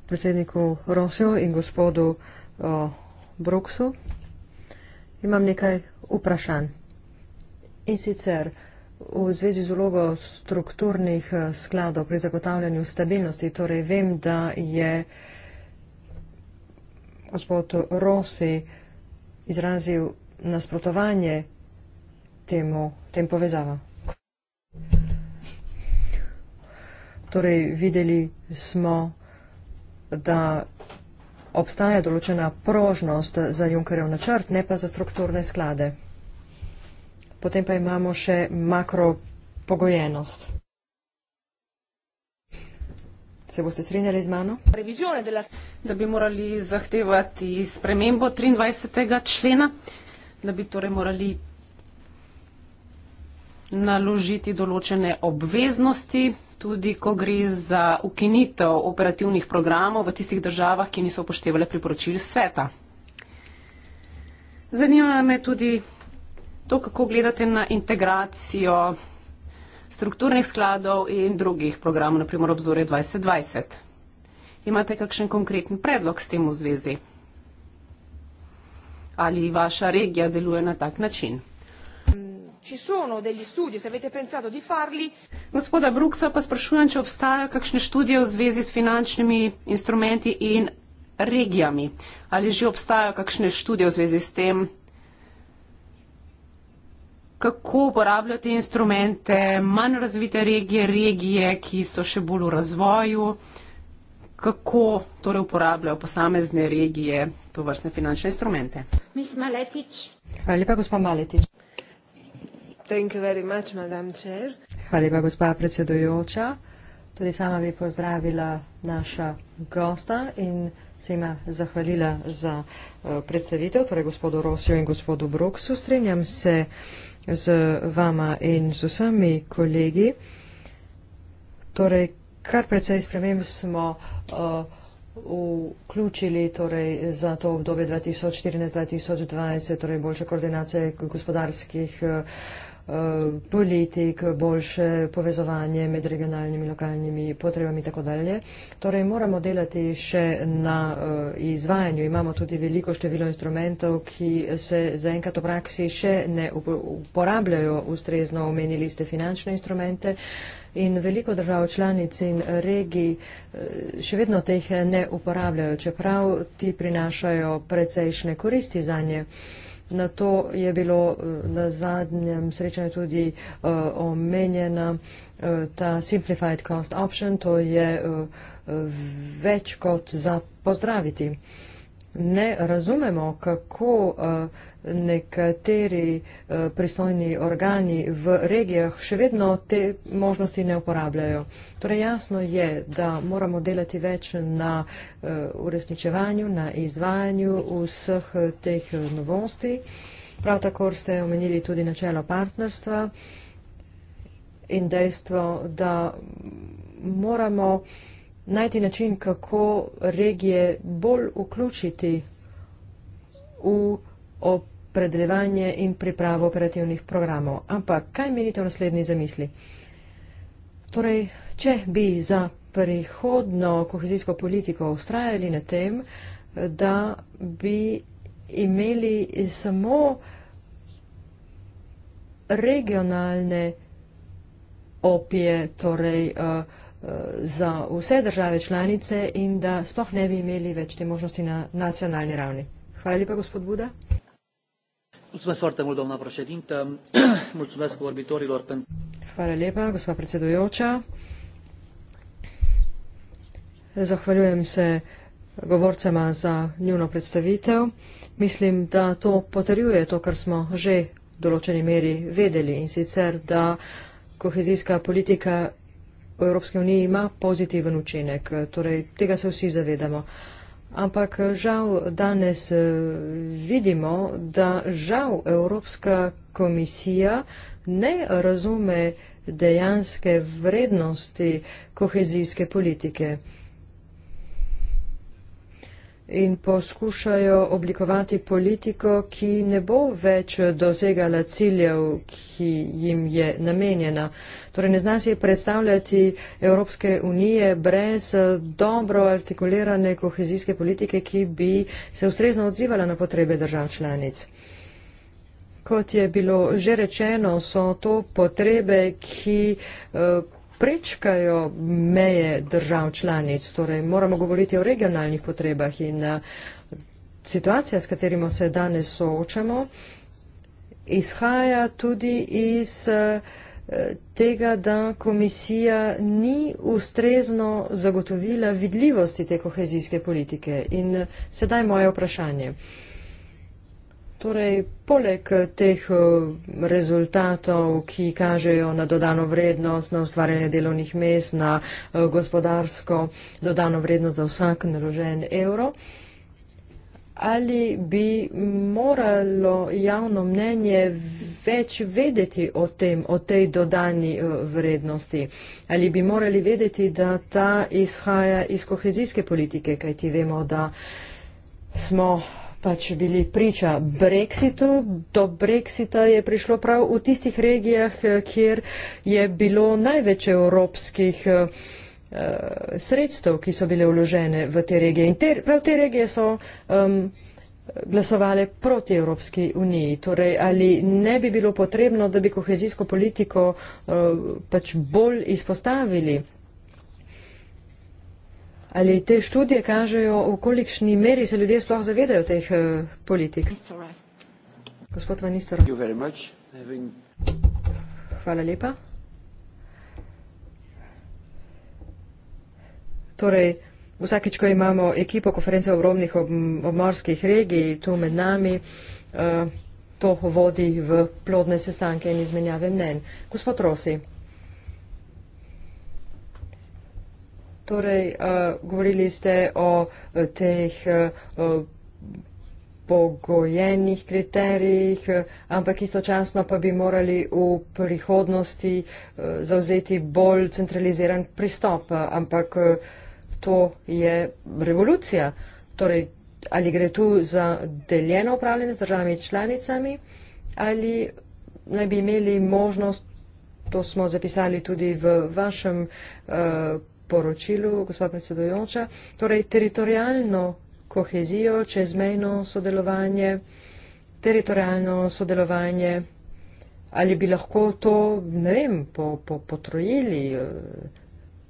predsedniku Rosju in gospodu uh, Broksu. Imam nekaj vprašanj. In sicer v zvezi z ulogo strukturnih eh, skladov pri zagotavljanju stabilnosti, torej vem, da je gospod Rossi izrazil nasprotovanje temu, tem povezava. Torej, videli smo, da obstaja določena prožnost za Junkerjev načrt, ne pa za strukturne sklade. Potem pa imamo še makropogojenost. Se boste strinjali z mano? Da bi morali zahtevati spremembo 23. člena, da bi torej morali naložiti določene obveznosti Tudi ko gre za ukinitev operativnih programov v tistih državah, ki niso upoštevali priporočil sveta. Zanima me tudi to, kako gledate na integracijo strukturnih skladov in drugih programov, naprimer obzore 2020. Imate kakšen konkreten predlog s tem v zvezi? Ali vaša regija deluje na tak način? ci sono degli studi, se avete pensato di farli. Gospoda Bruksa pa sprašujem, če obstajajo kakšne študije v zvezi s finančnimi instrumenti in regijami. Ali že obstajajo kakšne študije v zvezi s tem, kako uporabljati instrumente manj razvite regije, regije, ki so še bolj v razvoju, kako torej uporabljajo posamezne regije to vrstne finančne instrumente. Mislim, Maletič. Hvala lepa, gospod Maletič. Hvala lepa, gospa predsedojoča. Tudi sama bi pozdravila naša gosta in se ima zahvalila za eh, predstavitev, torej gospodu Rosijo in gospodu Broksu. Strenjam se z vama in z vsemi kolegi. Torej, kar predvsej sprememb smo eh, vključili torej, za to obdobje 2014-2020, torej boljša koordinacija gospodarskih uh, Eh, politik, boljše povezovanje med regionalnimi, lokalnimi potrebami itd. Torej moramo delati še na eh, izvajanju. Imamo tudi veliko število instrumentov, ki se zaenkrat v praksi še ne uporabljajo ustrezno omenili ste finančne instrumente. In veliko držav članic in regij eh, še vedno teh ne uporabljajo, čeprav ti prinašajo precejšne koristi za nje. Na to je bilo eh, na zadnjem srečanju tudi uh, omenjena uh, ta simplified cost option, to je uh, več kot za pozdraviti. Uh, ne razumemo, kako eh, nekateri eh, pristojni organi v regijah še vedno te možnosti ne uporabljajo. Torej jasno je, da moramo delati več na eh, uresničevanju, na izvajanju vseh teh novosti. Prav tako ste omenili tudi načelo partnerstva in dejstvo, da moramo najti način, kako regije bolj vključiti v opredeljevanje in pripravo operativnih programov. Ampak kaj menite v naslednji zamisli? Torej, če bi za prihodno kohezijsko politiko ustrajali na tem, da bi imeli samo regionalne opije, torej uh, za vse države članice in da sploh ne bi imeli več te možnosti na nacionalni ravni. Hvala lepa, gospod Buda. *clears throat* Hvala lepa, gospod predsedujoča. Zahvaljujem se govorcema za njuno predstavitev. Mislim, da to potrjuje to, kar smo že v določeni meri vedeli in sicer, da kohezijska politika v Evropski uniji ima pozitiven učinek, torej tega se vsi zavedamo. Ampak žal danes eh, vidimo, da žal Evropska komisija ne razume dejanske vrednosti kohezijske politike in poskušajo oblikovati politiko, ki ne bo več dosegala ciljev, ki jim je namenjena. Torej ne zna se predstavljati Evropske unije brez dobro artikulirane kohezijske politike, ki bi se ustrezno odzivala na potrebe držav članic. Kot je bilo že rečeno, so to potrebe, ki uh, prečkajo meje držav članic. Torej, moramo govoriti o regionalnih potrebah in eh, situacija, s katerimo se danes soočamo, izhaja tudi iz eh, tega, da komisija ni ustrezno zagotovila vidljivosti te kohezijske politike. In eh, sedaj moje vprašanje. Torej, poleg eh, teh eh, rezultatov, ki kažejo na dodano vrednost, na ustvarjanje delovnih mest, na eh, gospodarsko dodano vrednost za vsak naložen evro, ali bi moralo javno mnenje več vedeti o tem, o tej dodani vrednosti? Ali bi morali vedeti, da ta izhaja iz kohezijske politike, kajti vemo, da smo pač bili priča Brexitu. Do Brexita je prišlo prav v tistih regijah, eh, kjer je bilo največ evropskih eh, eh, sredstev, ki so bile vložene v te regije. In te, prav te regije so um, glasovale proti Evropski uniji. Torej, ali ne bi bilo potrebno, da bi kohezijsko politiko uh, pač bolj izpostavili? Ali te študije kažejo, v kolikšni meri se ljudje sploh zavedajo teh uh, politik? Gospod Van Nistelrooy. Hvala lepa. Torej, vsakič, ko imamo ekipo konference obrobnih ob, obmorskih regij tu med nami, uh, to vodi v plodne sestanke in izmenjave mnen. Gospod Rosi. Torej, uh, govorili ste o eh, teh uh, pogojenih kriterijih, ampak istočasno pa bi morali v prihodnosti uh, zauzeti bolj centraliziran pristop. Ampak uh, to je revolucija. Torej, ali gre tu za deljeno upravljanje z državami članicami ali naj bi imeli možnost, to smo zapisali tudi v vašem uh, poročilu, gospod predsedujoča. Torej, teritorijalno kohezijo, čezmejno sodelovanje, teritorijalno sodelovanje, ali bi lahko to, ne vem, po, po, potrojili, eh,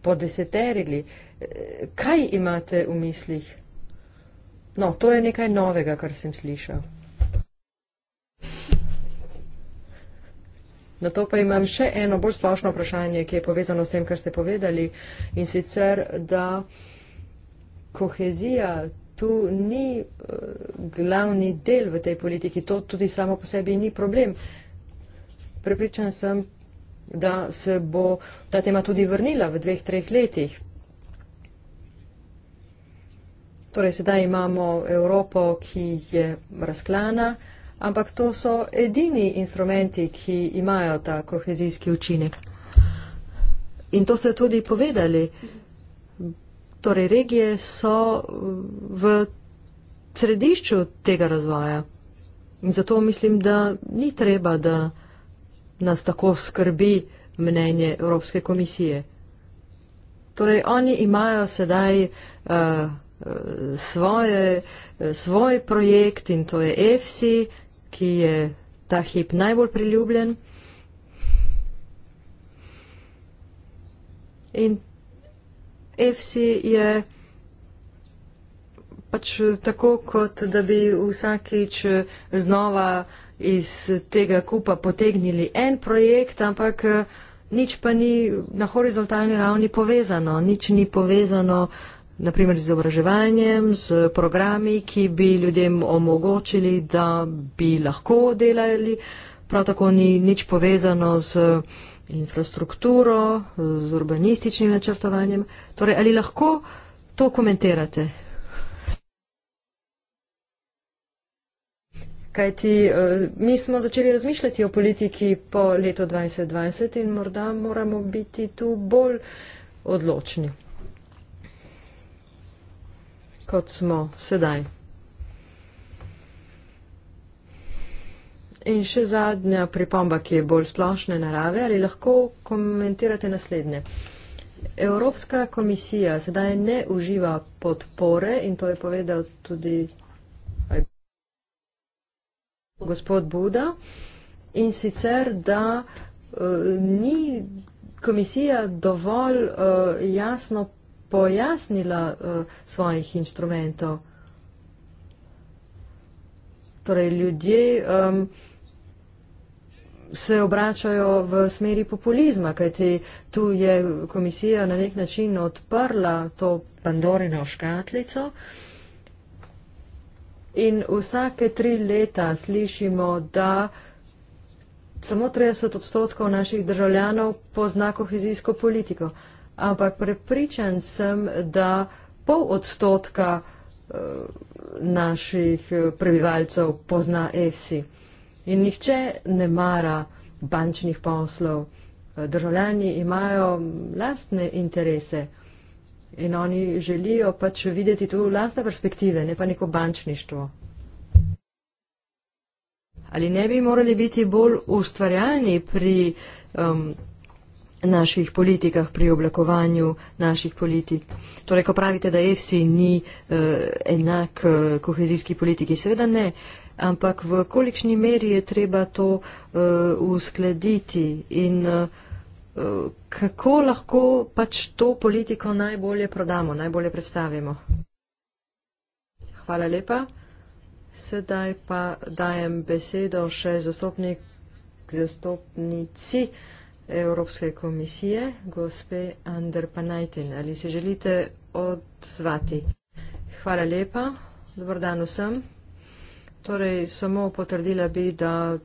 podeseterili. Eh, kaj imate v mislih? No, to je nekaj novega, kar sem slišal. Na to pa imam še eno bolj splošno vprašanje, ki je povezano s tem, kar ste povedali, in sicer, da kohezija tu ni eh, glavni del v tej politiki, to tudi samo po sebi ni problem. Prepričan sem, da se bo ta tema tudi vrnila v dveh, treh letih. Torej, sedaj imamo Evropo, ki je razklana ampak to so edini instrumenti, ki imajo ta kohezijski učinek. In to ste tudi povedali. Torej, regije so v središču tega razvoja. In zato mislim, da ni treba, da nas tako skrbi mnenje Evropske komisije. Torej, oni imajo sedaj uh, svoje, eh, svoj projekt in to je EFSI, uh, ki je ta hip najbolj priljubljen. In FC je pač tako, kot da bi vsakič znova iz tega kupa potegnili en projekt, ampak eh, nič pa ni na horizontalni ravni povezano, nič ni povezano naprimer z obraževanjem, z programi, ki bi ljudem omogočili, da bi lahko delali. Prav tako ni nič povezano z infrastrukturo, z urbanističnim načrtovanjem. Torej, ali lahko to komentirate? Kaj ti, eh, mi smo začeli razmišljati o politiki po letu 2020 in morda moramo biti tu bolj odločni kot smo sedaj. In še zadnja pripomba, ki je bolj splošne narave, ali lahko komentirate naslednje. Evropska komisija sedaj ne uživa podpore in to je povedal tudi gospod Buda. In sicer, da uh, ni komisija dovolj uh, jasno pojasnila uh, svojih instrumentov. Torej, ljudje um, se obračajo v smeri populizma, kajti tu je komisija na nek način odprla to Pandorino škatlico. In vsake tri leta slišimo, da samo 30 odstotkov naših državljanov pozna kohezijsko politiko. Uh, ampak prepričan sem, da pol odstotka eh, naših eh, prebivalcev pozna EFSI. In nihče ne mara bančnih poslov. Eh, državljani imajo mm, lastne interese in oni želijo pač videti tu lastne perspektive, ne pa neko bančništvo. Ali ne bi morali biti bolj ustvarjalni pri um, naših politikah, pri oblakovanju naših politik. Torej, ko pravite, da EFSI ni eh, enak eh, kohezijski politiki, seveda ne, ampak v kolikšni meri je treba to eh, uskladiti in eh, eh kako lahko pač to politiko najbolje prodamo, najbolje predstavimo. Hvala lepa. Sedaj pa dajem besedo še zastopnik, zastopnici. Evropske komisije, gospe Ander Panajten. Ali se želite odzvati? Hvala lepa, dobro dan vsem. Torej, samo potrdila bi, da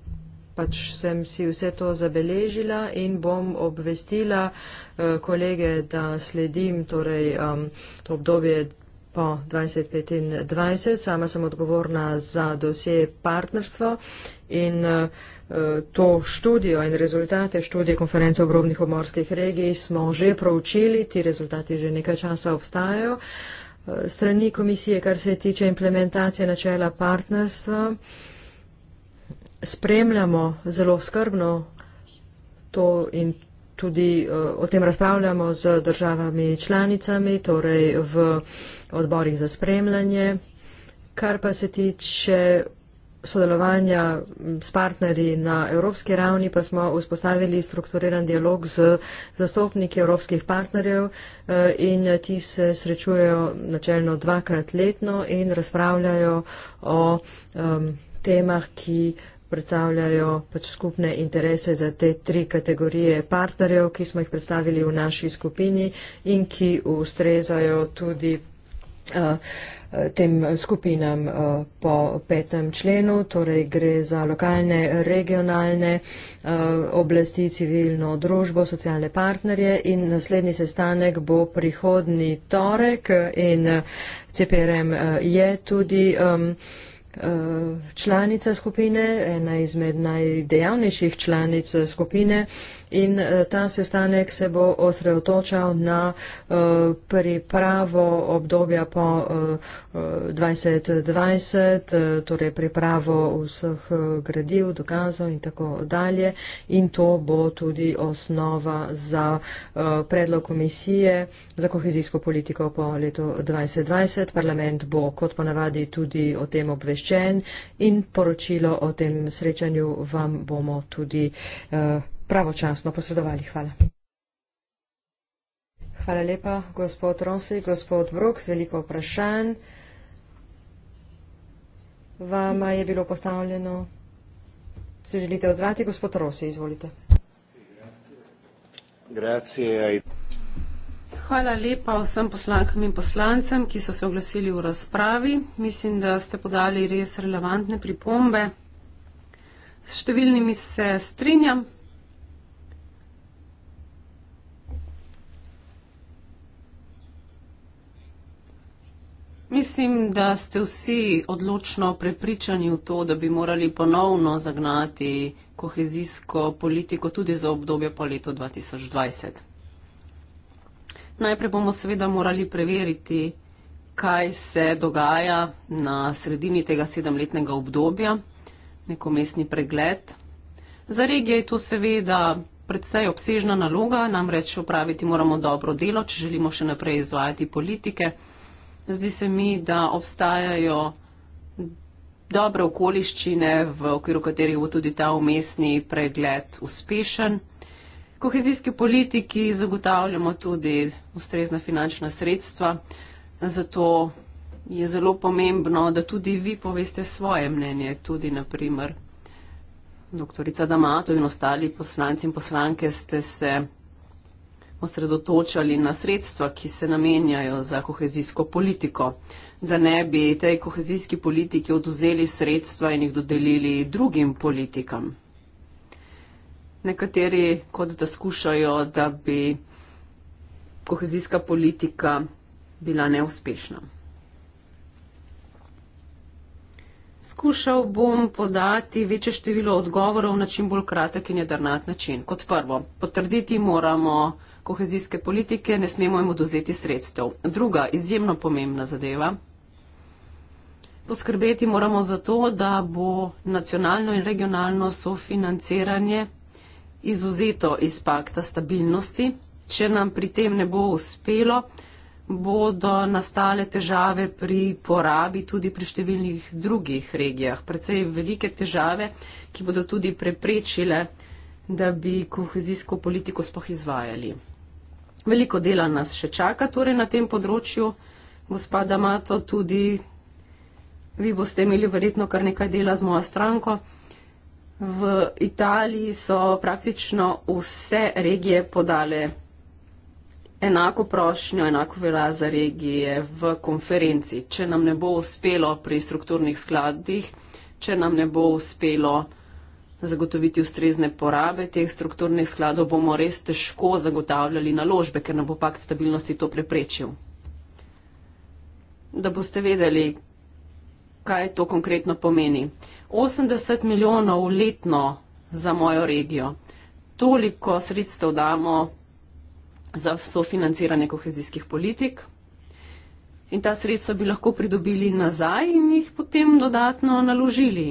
pač sem si vse to zabeležila in bom obvestila eh, kolege, da sledim torej, um, to obdobje po 25 in 20. Sama sem odgovorna za dosje partnerstva in eh, to študijo in rezultate študije konference obrobnih obmorskih regij smo že proučili, ti rezultati že nekaj časa obstajajo. Eh, strani komisije, kar se tiče implementacije načela partnerstva, spremljamo zelo skrbno to in tudi eh, o tem razpravljamo z državami članicami, torej v odborih za spremljanje. Kar pa se tiče sodelovanja s partnerji na evropski ravni, pa smo vzpostavili strukturiran dialog z zastopniki evropskih partnerjev eh, in ti se srečujejo načelno dvakrat letno in razpravljajo o um, temah, ki predstavljajo pač skupne interese za te tri kategorije partnerjev, ki smo jih predstavili v naši skupini in ki ustrezajo tudi uh, Eh, tem skupinam eh, po petem členu, torej gre za lokalne, regionalne eh, oblasti, civilno družbo, socialne partnerje in naslednji sestanek bo prihodni torek in CPRM je tudi članica skupine, ena izmed najdejavnejših članic skupine in eh, ta sestanek se bo osredotočal na eh, pripravo obdobja po 2020, eh, torej pripravo vseh gradiv, dokazov in tako dalje. In to bo tudi osnova za predlog komisije za kohezijsko politiko po letu 2020. Parlament bo kot ponavadi tudi o tem obveščen in poročilo o tem srečanju vam bomo tudi uh, pravočasno posredovali. Hvala. Hvala lepa, gospod Ronsi, gospod Brooks, veliko vprašanj. Vama je bilo postavljeno. Se želite odzvati, gospod Rossi, izvolite. Grazie. Hvala lepa vsem poslankam in poslancem, ki so se oglasili v razpravi. Mislim, da ste podali res relevantne pripombe. S številnimi se strinjam, Mislim, da ste vsi odločno prepričani v to, da bi morali ponovno zagnati kohezijsko politiko tudi za obdobje po letu 2020. Najprej bomo seveda morali preveriti, kaj se dogaja na sredini tega sedemletnega obdobja, neko mestni pregled. Za regije je to seveda predvsej obsežna naloga, namreč upraviti moramo dobro delo, če želimo še naprej izvajati politike. Zdi se mi, da obstajajo dobre okoliščine, v okviru katerih bo tudi ta umestni pregled uspešen. Kohezijski politiki zagotavljamo tudi ustrezna finančna sredstva, zato je zelo pomembno, da tudi vi poveste svoje mnenje, tudi naprimer. Doktorica Damato in ostali poslanci in poslanke ste se osredotočali na sredstva, ki se namenjajo za kohezijsko politiko, da ne bi tej kohezijski politiki oduzeli sredstva in jih dodelili drugim politikam. Nekateri kot da skušajo, da bi kohezijska politika bila neuspešna. Skušal bom podati večje število odgovorov na čim bolj kratek in jedrnat način. Kot prvo, potrditi moramo kohezijske politike, ne smemo jim oduzeti sredstev. Druga izjemno pomembna zadeva. Poskrbeti moramo za to, da bo nacionalno in regionalno sofinanciranje izuzeto iz pakta stabilnosti. Če nam pri tem ne bo uspelo, bodo nastale težave pri porabi tudi pri številnih drugih regijah. Predvsej velike težave, ki bodo tudi preprečile, da bi kohezijsko politiko spoh izvajali. Veliko dela nas še čaka torej na tem področju, gospoda Mato, tudi vi boste imeli verjetno kar nekaj dela z mojo stranko. V Italiji so praktično vse regije podale enako prošnjo, enako velja za regije v konferenci. Če nam ne bo uspelo pri strukturnih skladih, če nam ne bo uspelo zagotoviti ustrezne porabe teh strukturnih skladov, bomo res težko zagotavljali naložbe, ker nam bo pakt stabilnosti to preprečil. Da boste vedeli, kaj to konkretno pomeni. 80 milijonov letno za mojo regijo. Toliko sredstev damo za sofinanciranje kohezijskih politik in ta sredstva bi lahko pridobili nazaj in jih potem dodatno naložili.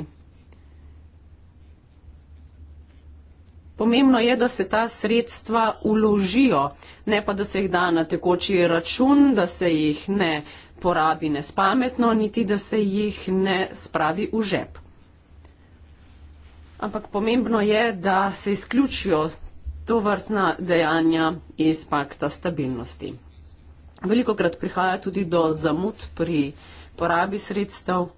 Pomembno je, da se ta sredstva uložijo, ne pa da se jih da na tekoči račun, da se jih ne porabi nespametno, niti da se jih ne spravi v žep. Ampak pomembno je, da se izključijo to vrstna dejanja iz pakta stabilnosti. Veliko krat prihaja tudi do zamud pri porabi sredstev.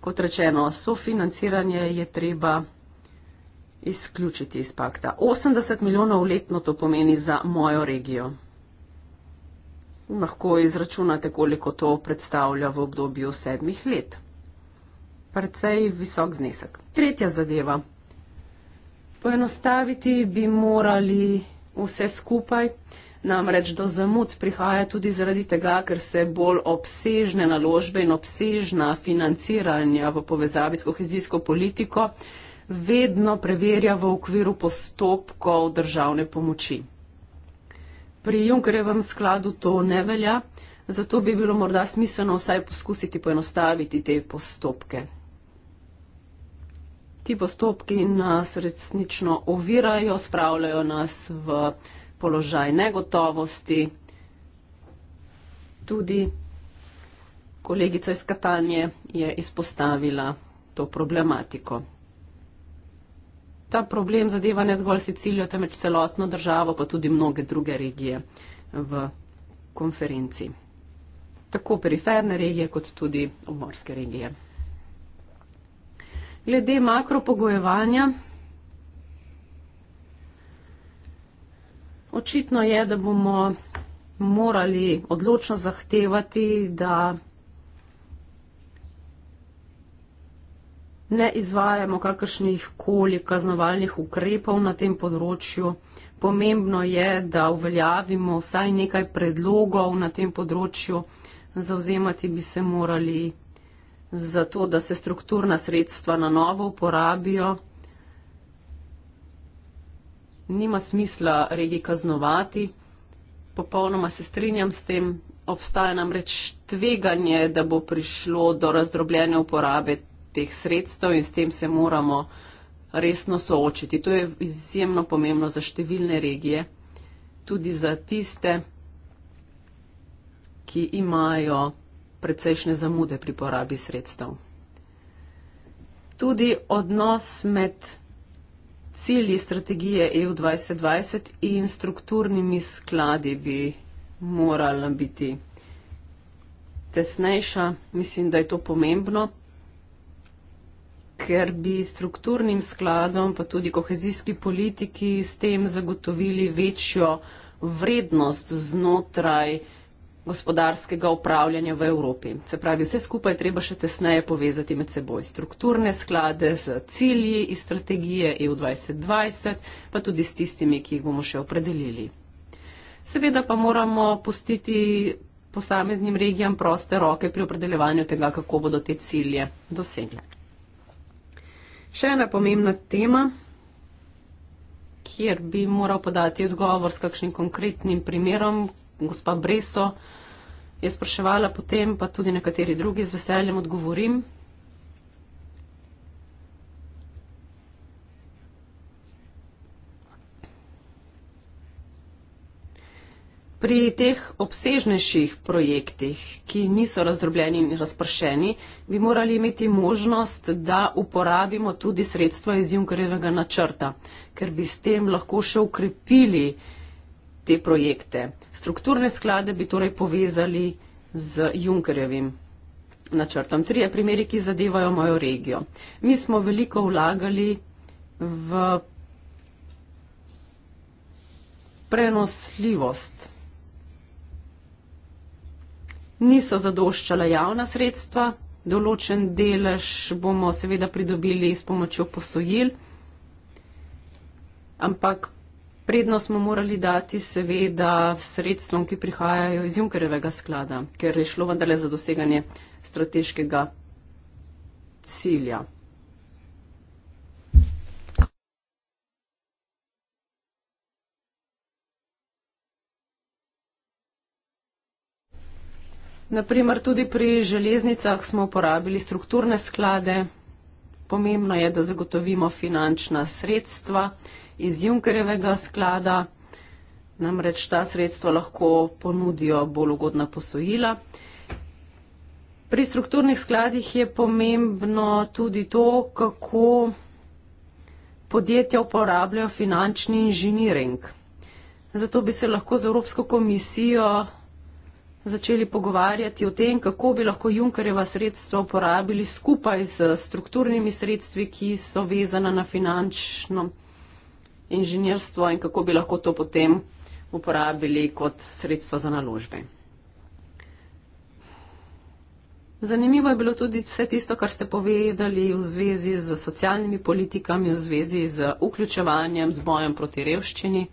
Kot rečeno, sofinanciranje je treba izključiti iz pakta. 80 milijonov letno to pomeni za mojo regijo. Lahko izračunate, koliko to predstavlja v obdobju sedmih let. Predvsej visok znesek. Tretja zadeva. Poenostaviti bi morali vse skupaj, namreč do zamud prihaja tudi zaradi tega, ker se bolj obsežne naložbe in obsežna financiranja v povezavi s kohezijsko politiko vedno preverja v okviru postopkov državne pomoči. Pri Junkerjevem skladu to ne velja, zato bi bilo morda smiselno vsaj poskusiti poenostaviti te postopke. Ti postopki nas resnično ovirajo, spravljajo nas v položaj negotovosti. Tudi kolegica iz Katanje je izpostavila to problematiko ta problem zadeva ne zgolj Sicilijo, temveč celotno državo, pa tudi mnoge druge regije v konferenci. Tako periferne regije, kot tudi obmorske regije. Glede makropogojevanja, očitno je, da bomo morali odločno zahtevati, da ne izvajamo kakršnih koli kaznovalnih ukrepov na tem področju. Pomembno je, da uveljavimo vsaj nekaj predlogov na tem področju. Zauzemati bi se morali za to, da se strukturna sredstva na novo uporabijo. Nima smisla regi kaznovati. Popolnoma se strinjam s tem. Obstaja namreč tveganje, da bo prišlo do razdrobljene uporabe teh sredstev in s tem se moramo resno soočiti. To je izjemno pomembno za številne regije, tudi za tiste, ki imajo precejšnje zamude pri porabi sredstev. Tudi odnos med cilji strategije EU 2020 in strukturnimi skladi bi morala biti tesnejša. Mislim, da je to pomembno ker bi strukturnim skladom, pa tudi kohezijski politiki s tem zagotovili večjo vrednost znotraj gospodarskega upravljanja v Evropi. Se pravi, vse skupaj treba še tesneje povezati med seboj. Strukturne sklade z cilji iz strategije EU 2020, pa tudi s tistimi, ki jih bomo še opredelili. Seveda pa moramo pustiti posameznim regijam proste roke pri opredeljevanju tega, kako bodo te cilje dosegle. Še ena pomembna tema, kjer bi moral podati odgovor s kakšnim konkretnim primerom, gospa Breso je spraševala potem, pa tudi nekateri drugi z veseljem odgovorim. Pri teh obsežnejših projektih, ki niso razdrobljeni in razpršeni, bi morali imeti možnost, da uporabimo tudi sredstva iz Junkerjevega načrta, ker bi s tem lahko še ukrepili te projekte. Strukturne sklade bi torej povezali z Junkerjevim načrtom. Trije primeri, ki zadevajo mojo regijo. Mi smo veliko vlagali v prenosljivost niso zadoščala javna sredstva, določen delež bomo seveda pridobili s pomočjo posojil, ampak prednost smo morali dati seveda sredstvom, ki prihajajo iz Junkerjevega sklada, ker je šlo vendarle za doseganje strateškega cilja. Naprimer, tudi pri železnicah smo uporabili strukturne sklade. Pomembno je, da zagotovimo finančna sredstva iz Junkerjevega sklada, namreč ta sredstva lahko ponudijo bolj ugodna posojila. Pri strukturnih skladih je pomembno tudi to, kako podjetja uporabljajo finančni inženiring. Zato bi se lahko z Evropsko komisijo začeli pogovarjati o tem, kako bi lahko Junkareva sredstva uporabili skupaj z strukturnimi sredstvi, ki so vezana na finančno inženirstvo in kako bi lahko to potem uporabili kot sredstva za naložbe. Zanimivo je bilo tudi vse tisto, kar ste povedali v zvezi z socialnimi politikami, v zvezi z vključevanjem, z bojem proti revščini.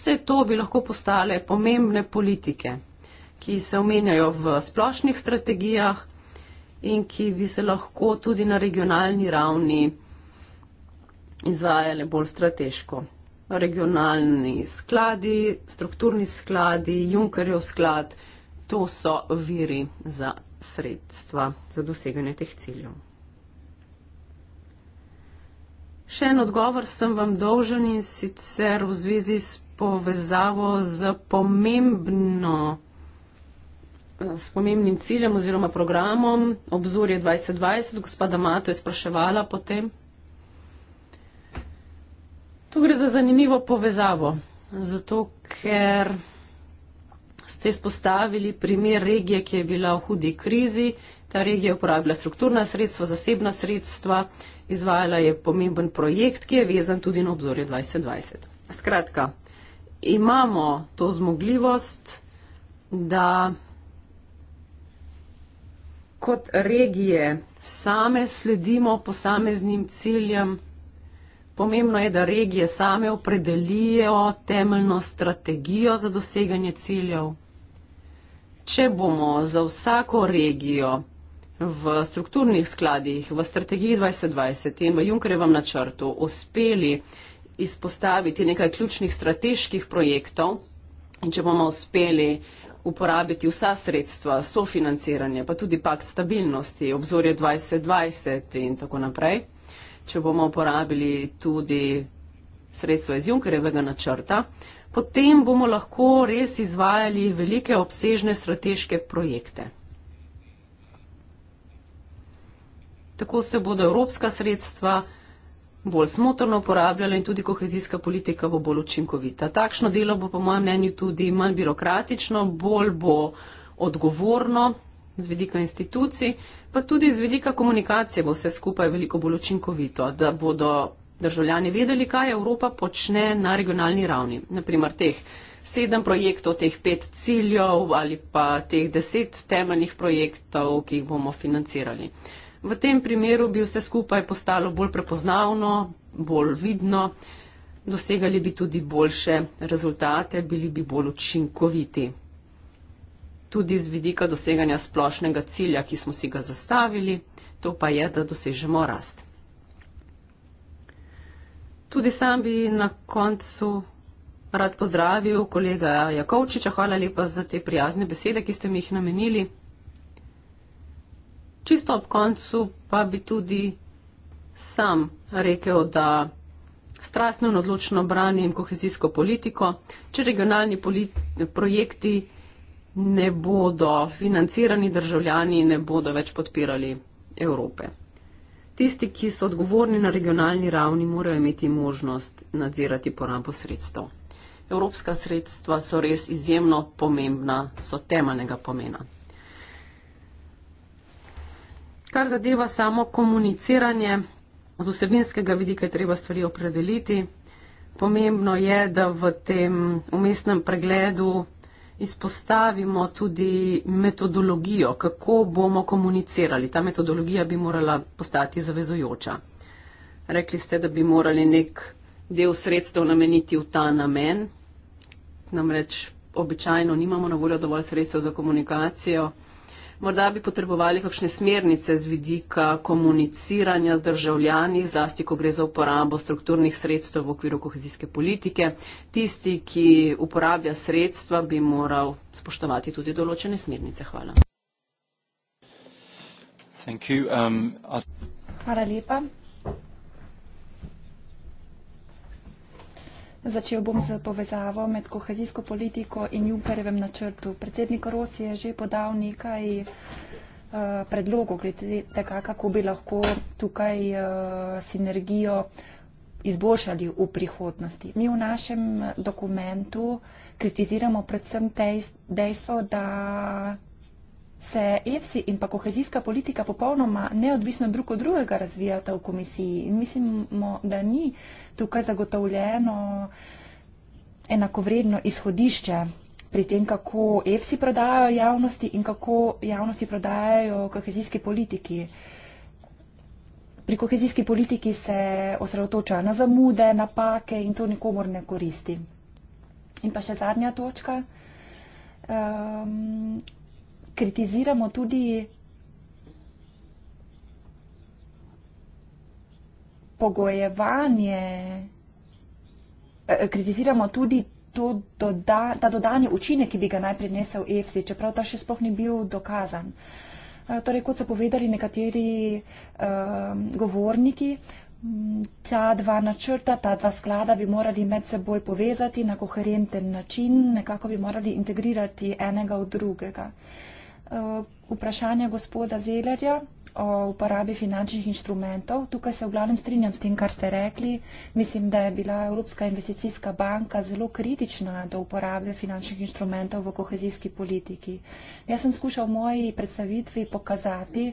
Vse to bi lahko postale pomembne politike ki se omenjajo v splošnih strategijah in ki bi se lahko tudi na regionalni ravni izvajale bolj strateško. Regionalni skladi, strukturni skladi, Junkerjev sklad, to so viri za sredstva za doseganje teh ciljev. Še en odgovor sem vam dolžen in sicer v zvezi s povezavo z pomembno s pomembnim ciljem oziroma programom obzorje 2020. Gospoda Mato je spraševala potem. Tu gre za zanimivo povezavo, zato ker ste spostavili primer regije, ki je bila v hudi krizi. Ta regija je uporabila strukturna sredstva, zasebna sredstva, izvajala je pomemben projekt, ki je vezan tudi na obzorje 2020. Skratka, imamo to zmogljivost, da kot regije same sledimo posameznim ciljem. Pomembno je, da regije same opredelijo temeljno strategijo za doseganje ciljev. Če bomo za vsako regijo v strukturnih skladih, v strategiji 2020 in v Junkerjevem načrtu uspeli izpostaviti nekaj ključnih strateških projektov, in če bomo uspeli uporabiti vsa sredstva, sofinanciranje, pa tudi pakt stabilnosti, obzorje 2020 in tako naprej, če bomo uporabili tudi sredstva iz Junkerjevega načrta, potem bomo lahko res izvajali velike obsežne strateške projekte. Tako se bodo evropska sredstva, bolj smotrno uporabljala in tudi kohezijska politika bo bolj učinkovita. Takšno delo bo po mojem mnenju tudi manj birokratično, bolj bo odgovorno z vidika institucij, pa tudi z vidika komunikacije bo vse skupaj veliko bolj učinkovito, da bodo državljani vedeli, kaj Evropa počne na regionalni ravni. Naprimer, teh sedem projektov, teh pet ciljev ali pa teh deset temeljnih projektov, ki jih bomo financirali. V tem primeru bi vse skupaj postalo bolj prepoznavno, bolj vidno, dosegali bi tudi boljše rezultate, bili bi bolj učinkoviti. Tudi z vidika doseganja splošnega cilja, ki smo si ga zastavili, to pa je, da dosežemo rast. Tudi sam bi na koncu rad pozdravil kolega Jakovčiča. Hvala lepa za te prijazne besede, ki ste mi jih namenili. Čisto ob koncu pa bi tudi sam rekel, da strastno in odločno branim kohezijsko politiko, če regionalni polit, projekti ne bodo financirani, državljani ne bodo več podpirali Evrope. Tisti, ki so odgovorni na regionalni ravni, morajo imeti možnost nadzirati porabo sredstev. Evropska sredstva so res izjemno pomembna, so temeljnega pomena. Kar zadeva samo komuniciranje, z vsebinskega vidika je treba stvari opredeliti. Pomembno je, da v tem umestnem pregledu izpostavimo tudi metodologijo, kako bomo komunicirali. Ta metodologija bi morala postati zavezujoča. Rekli ste, da bi morali nek del sredstev nameniti v ta namen. Namreč običajno nimamo na voljo dovolj sredstev za komunikacijo morda bi potrebovali kakšne smernice z vidika komuniciranja z državljani, zlasti ko gre za uporabo strukturnih sredstev v okviru kohezijske politike. Tisti, ki uporablja sredstva, bi moral spoštovati tudi določene smernice. Hvala. Um, Hvala lepa. Začel bom z povezavo med kohezijsko politiko in Junkerjevem načrtu. Predsednik Rosi je že podal nekaj uh, predlogov glede tega, kako bi lahko tukaj uh, sinergijo izboljšali v prihodnosti. Mi v našem dokumentu kritiziramo predvsem dejstvo, da se EFSI in pa kohezijska politika popolnoma neodvisno drug od drugega razvijata v komisiji. In mislimo, da ni tukaj zagotovljeno enakovredno izhodišče pri tem, kako EFSI prodajajo javnosti in kako javnosti prodajajo kohezijski politiki. Pri kohezijski politiki se osredotočajo na zamude, napake in to nikomor ne koristi. In pa še zadnja točka. Um, kritiziramo tudi pogojevanje, eh, kritiziramo tudi doda, ta dodani učinek, ki bi ga naj prinesel EFSI, čeprav ta še sploh ni bil dokazan. Eh, torej, kot so povedali nekateri um, govorniki, mm, ta dva načrta, ta dva sklada bi morali med seboj povezati na koherenten način, nekako bi morali integrirati enega v drugega. Uh, Eh, vprašanje gospoda Zelerja o uporabi finančnih inštrumentov. Tukaj se v glavnem strinjam s tem, kar ste rekli. Mislim, da je bila Evropska investicijska banka zelo kritična do uporabe finančnih inštrumentov v kohezijski politiki. Jaz sem skušal v moji predstavitvi pokazati,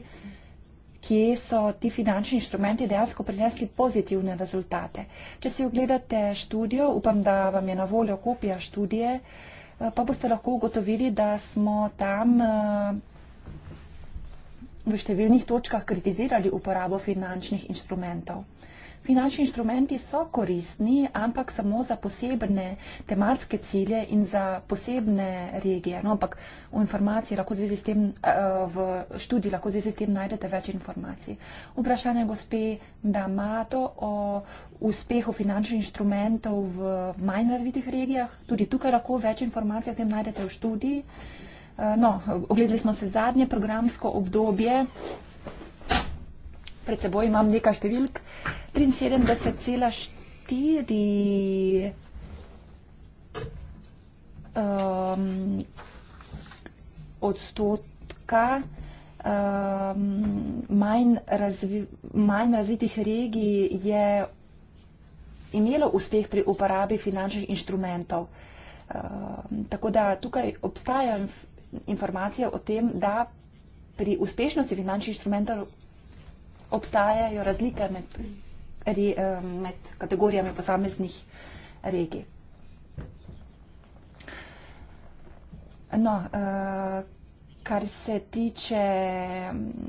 kje so ti finančni inštrumenti dejansko prinesli pozitivne rezultate. Če si ogledate študijo, upam, da vam je na voljo kopija študije, uh, Eh, pa boste lahko ugotovili, da smo tam eh, v številnih točkah kritizirali uporabo finančnih instrumentov. Finančni instrumenti so koristni, ampak samo za posebne tematske cilje in za posebne regije. No, ampak v informaciji lahko zvezi s tem, eh, v študiji lahko zvezi s tem najdete več informacij. Vprašanje gospe Damato o uspehu finančnih instrumentov v manj razvitih regijah. Tudi tukaj lahko več informacij o tem najdete v študiji. Eh, no, ogledali smo se zadnje programsko obdobje, pred seboj imam nekaj številk. 73,4 um, ehm, odstotka um, manj, razvi, manj razvitih regij je imelo uspeh pri uporabi finančnih inštrumentov. Um, tako da tukaj obstajajo inf informacije o tem, da pri uspešnosti finančnih inštrumentov obstajajo razlike med, eh, med kategorijami posameznih regij. No, eh, kar se tiče mm,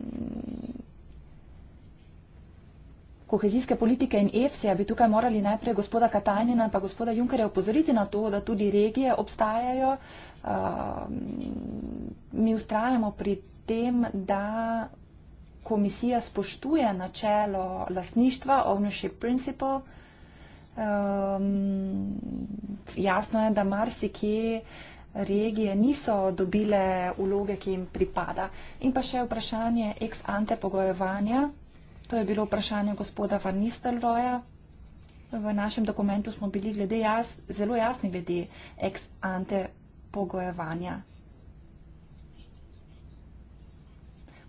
kohezijske politike in EFSE-ja, bi tukaj morali najprej gospoda Katajnina in pa gospoda Junkerja opozoriti na to, da tudi regije obstajajo. Eh, mm, mi ustrajamo pri tem, da komisija spoštuje načelo lastništva, ownership principle. Um, jasno je, da marsikje regije niso dobile uloge, ki jim pripada. In pa še vprašanje ex ante pogojevanja. To je bilo vprašanje gospoda Van Nistelroja. V našem dokumentu smo bili glede jaz, zelo jasni glede ex ante pogojevanja.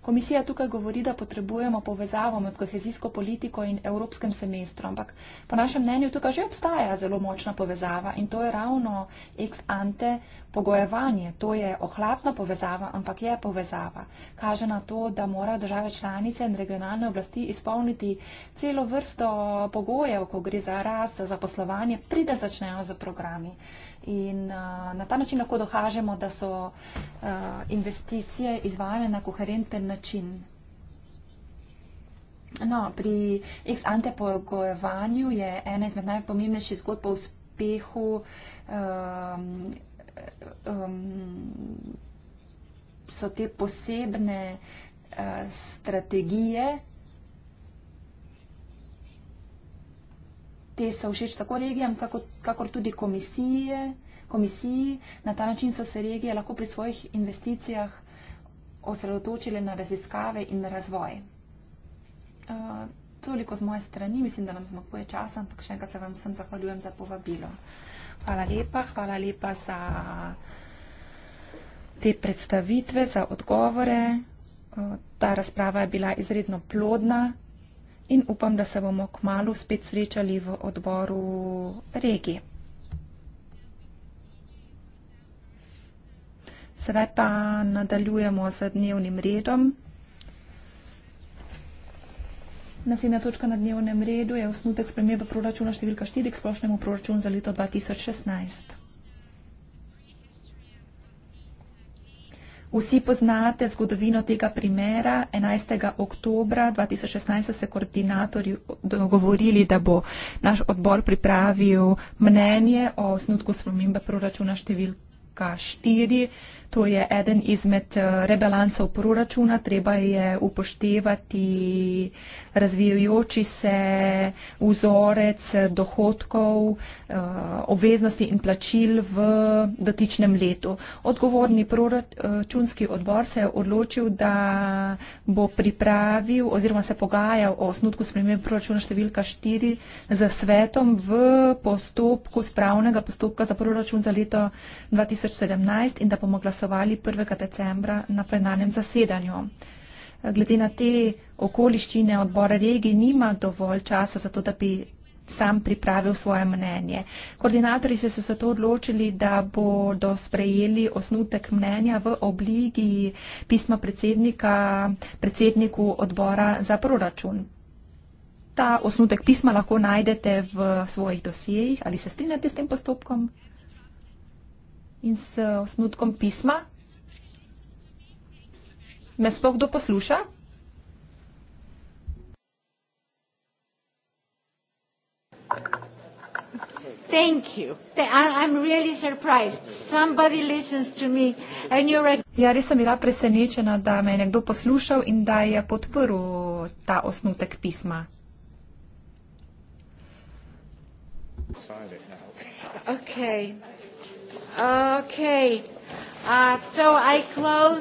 Komisija tukaj govori, da potrebujemo povezavo med kohezijsko politiko in evropskim semestrom, ampak po našem mnenju tukaj že obstaja zelo močna povezava in to je ravno ex ante pogojevanje, to je ohlapna povezava, ampak je povezava. Kaže na to, da morajo države članice in regionalne oblasti izpolniti celo vrsto pogojev, ko gre za rast, za poslovanje, pride začnejo za programi. In uh, na ta način lahko dokažemo, da so uh, investicije izvajane na koherenten način. No, pri ex ante pogojevanju je ena izmed najpomembnejših zgodb o uspehu uh, um, so te posebne uh, strategije, te so všeč tako regijam, kako, kakor tudi komisije, komisiji. Na ta način so se regije lahko pri svojih investicijah osredotočile na raziskave in razvoj. Uh, toliko z moje strani, mislim, da nam zmakuje časa, ampak še enkrat se vam zahvaljujem za povabilo. Hvala lepa. Hvala lepa za te predstavitve, za odgovore. Ta razprava je bila izredno plodna in upam, da se bomo k malu spet srečali v odboru regije. Sedaj pa nadaljujemo z dnevnim redom. Naslednja točka na dnevnem redu je osnutek spremembe proračuna številka 4 k splošnemu proračunu za leto 2016. Vsi poznate zgodovino tega primera. 11. oktobra 2016 so se koordinatorji dogovorili, da bo naš odbor pripravil mnenje o osnutku spremembe proračuna številka 4. To je eden izmed eh, rebalansov proračuna. Treba je upoštevati razvijajoči se vzorec dohodkov, eh, obveznosti in plačil v dotičnem letu. Odgovorni proračunski odbor se je odločil, da bo pripravil oziroma se pogajal o osnutku spremembe proračuna številka 4 za svetom v postopku spravnega postopka za proračun za leto 2017 in da bomo glasovali glasovali 1. decembra na plenarnem zasedanju. Glede na te okoliščine odbora regije nima dovolj časa za to, da bi sam pripravil svoje mnenje. Koordinatorji so se zato odločili, da bodo sprejeli osnutek mnenja v obligi pisma predsednika predsedniku odbora za proračun. Ta osnutek pisma lahko najdete v svojih dosjejih. Ali se strinjate s tem postopkom? in s osnutkom pisma. Me sploh kdo posluša? Thank you. I'm really surprised. Somebody listens to me and you're a... Ja, res sem bila presenečena, da me je nekdo poslušal in da je podprl ta osnutek pisma. Okay. Okay. Uh,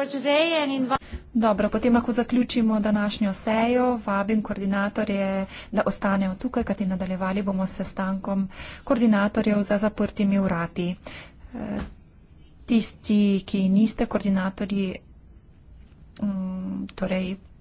uh, Dobro, potem lahko zaključimo današnjo sejo. Vabim koordinatorje, da ostanejo tukaj, kajti nadaljevali bomo s sestankom koordinatorjev za zaprtimi urati. Eh, tisti, ki niste koordinatorji, mm, torej.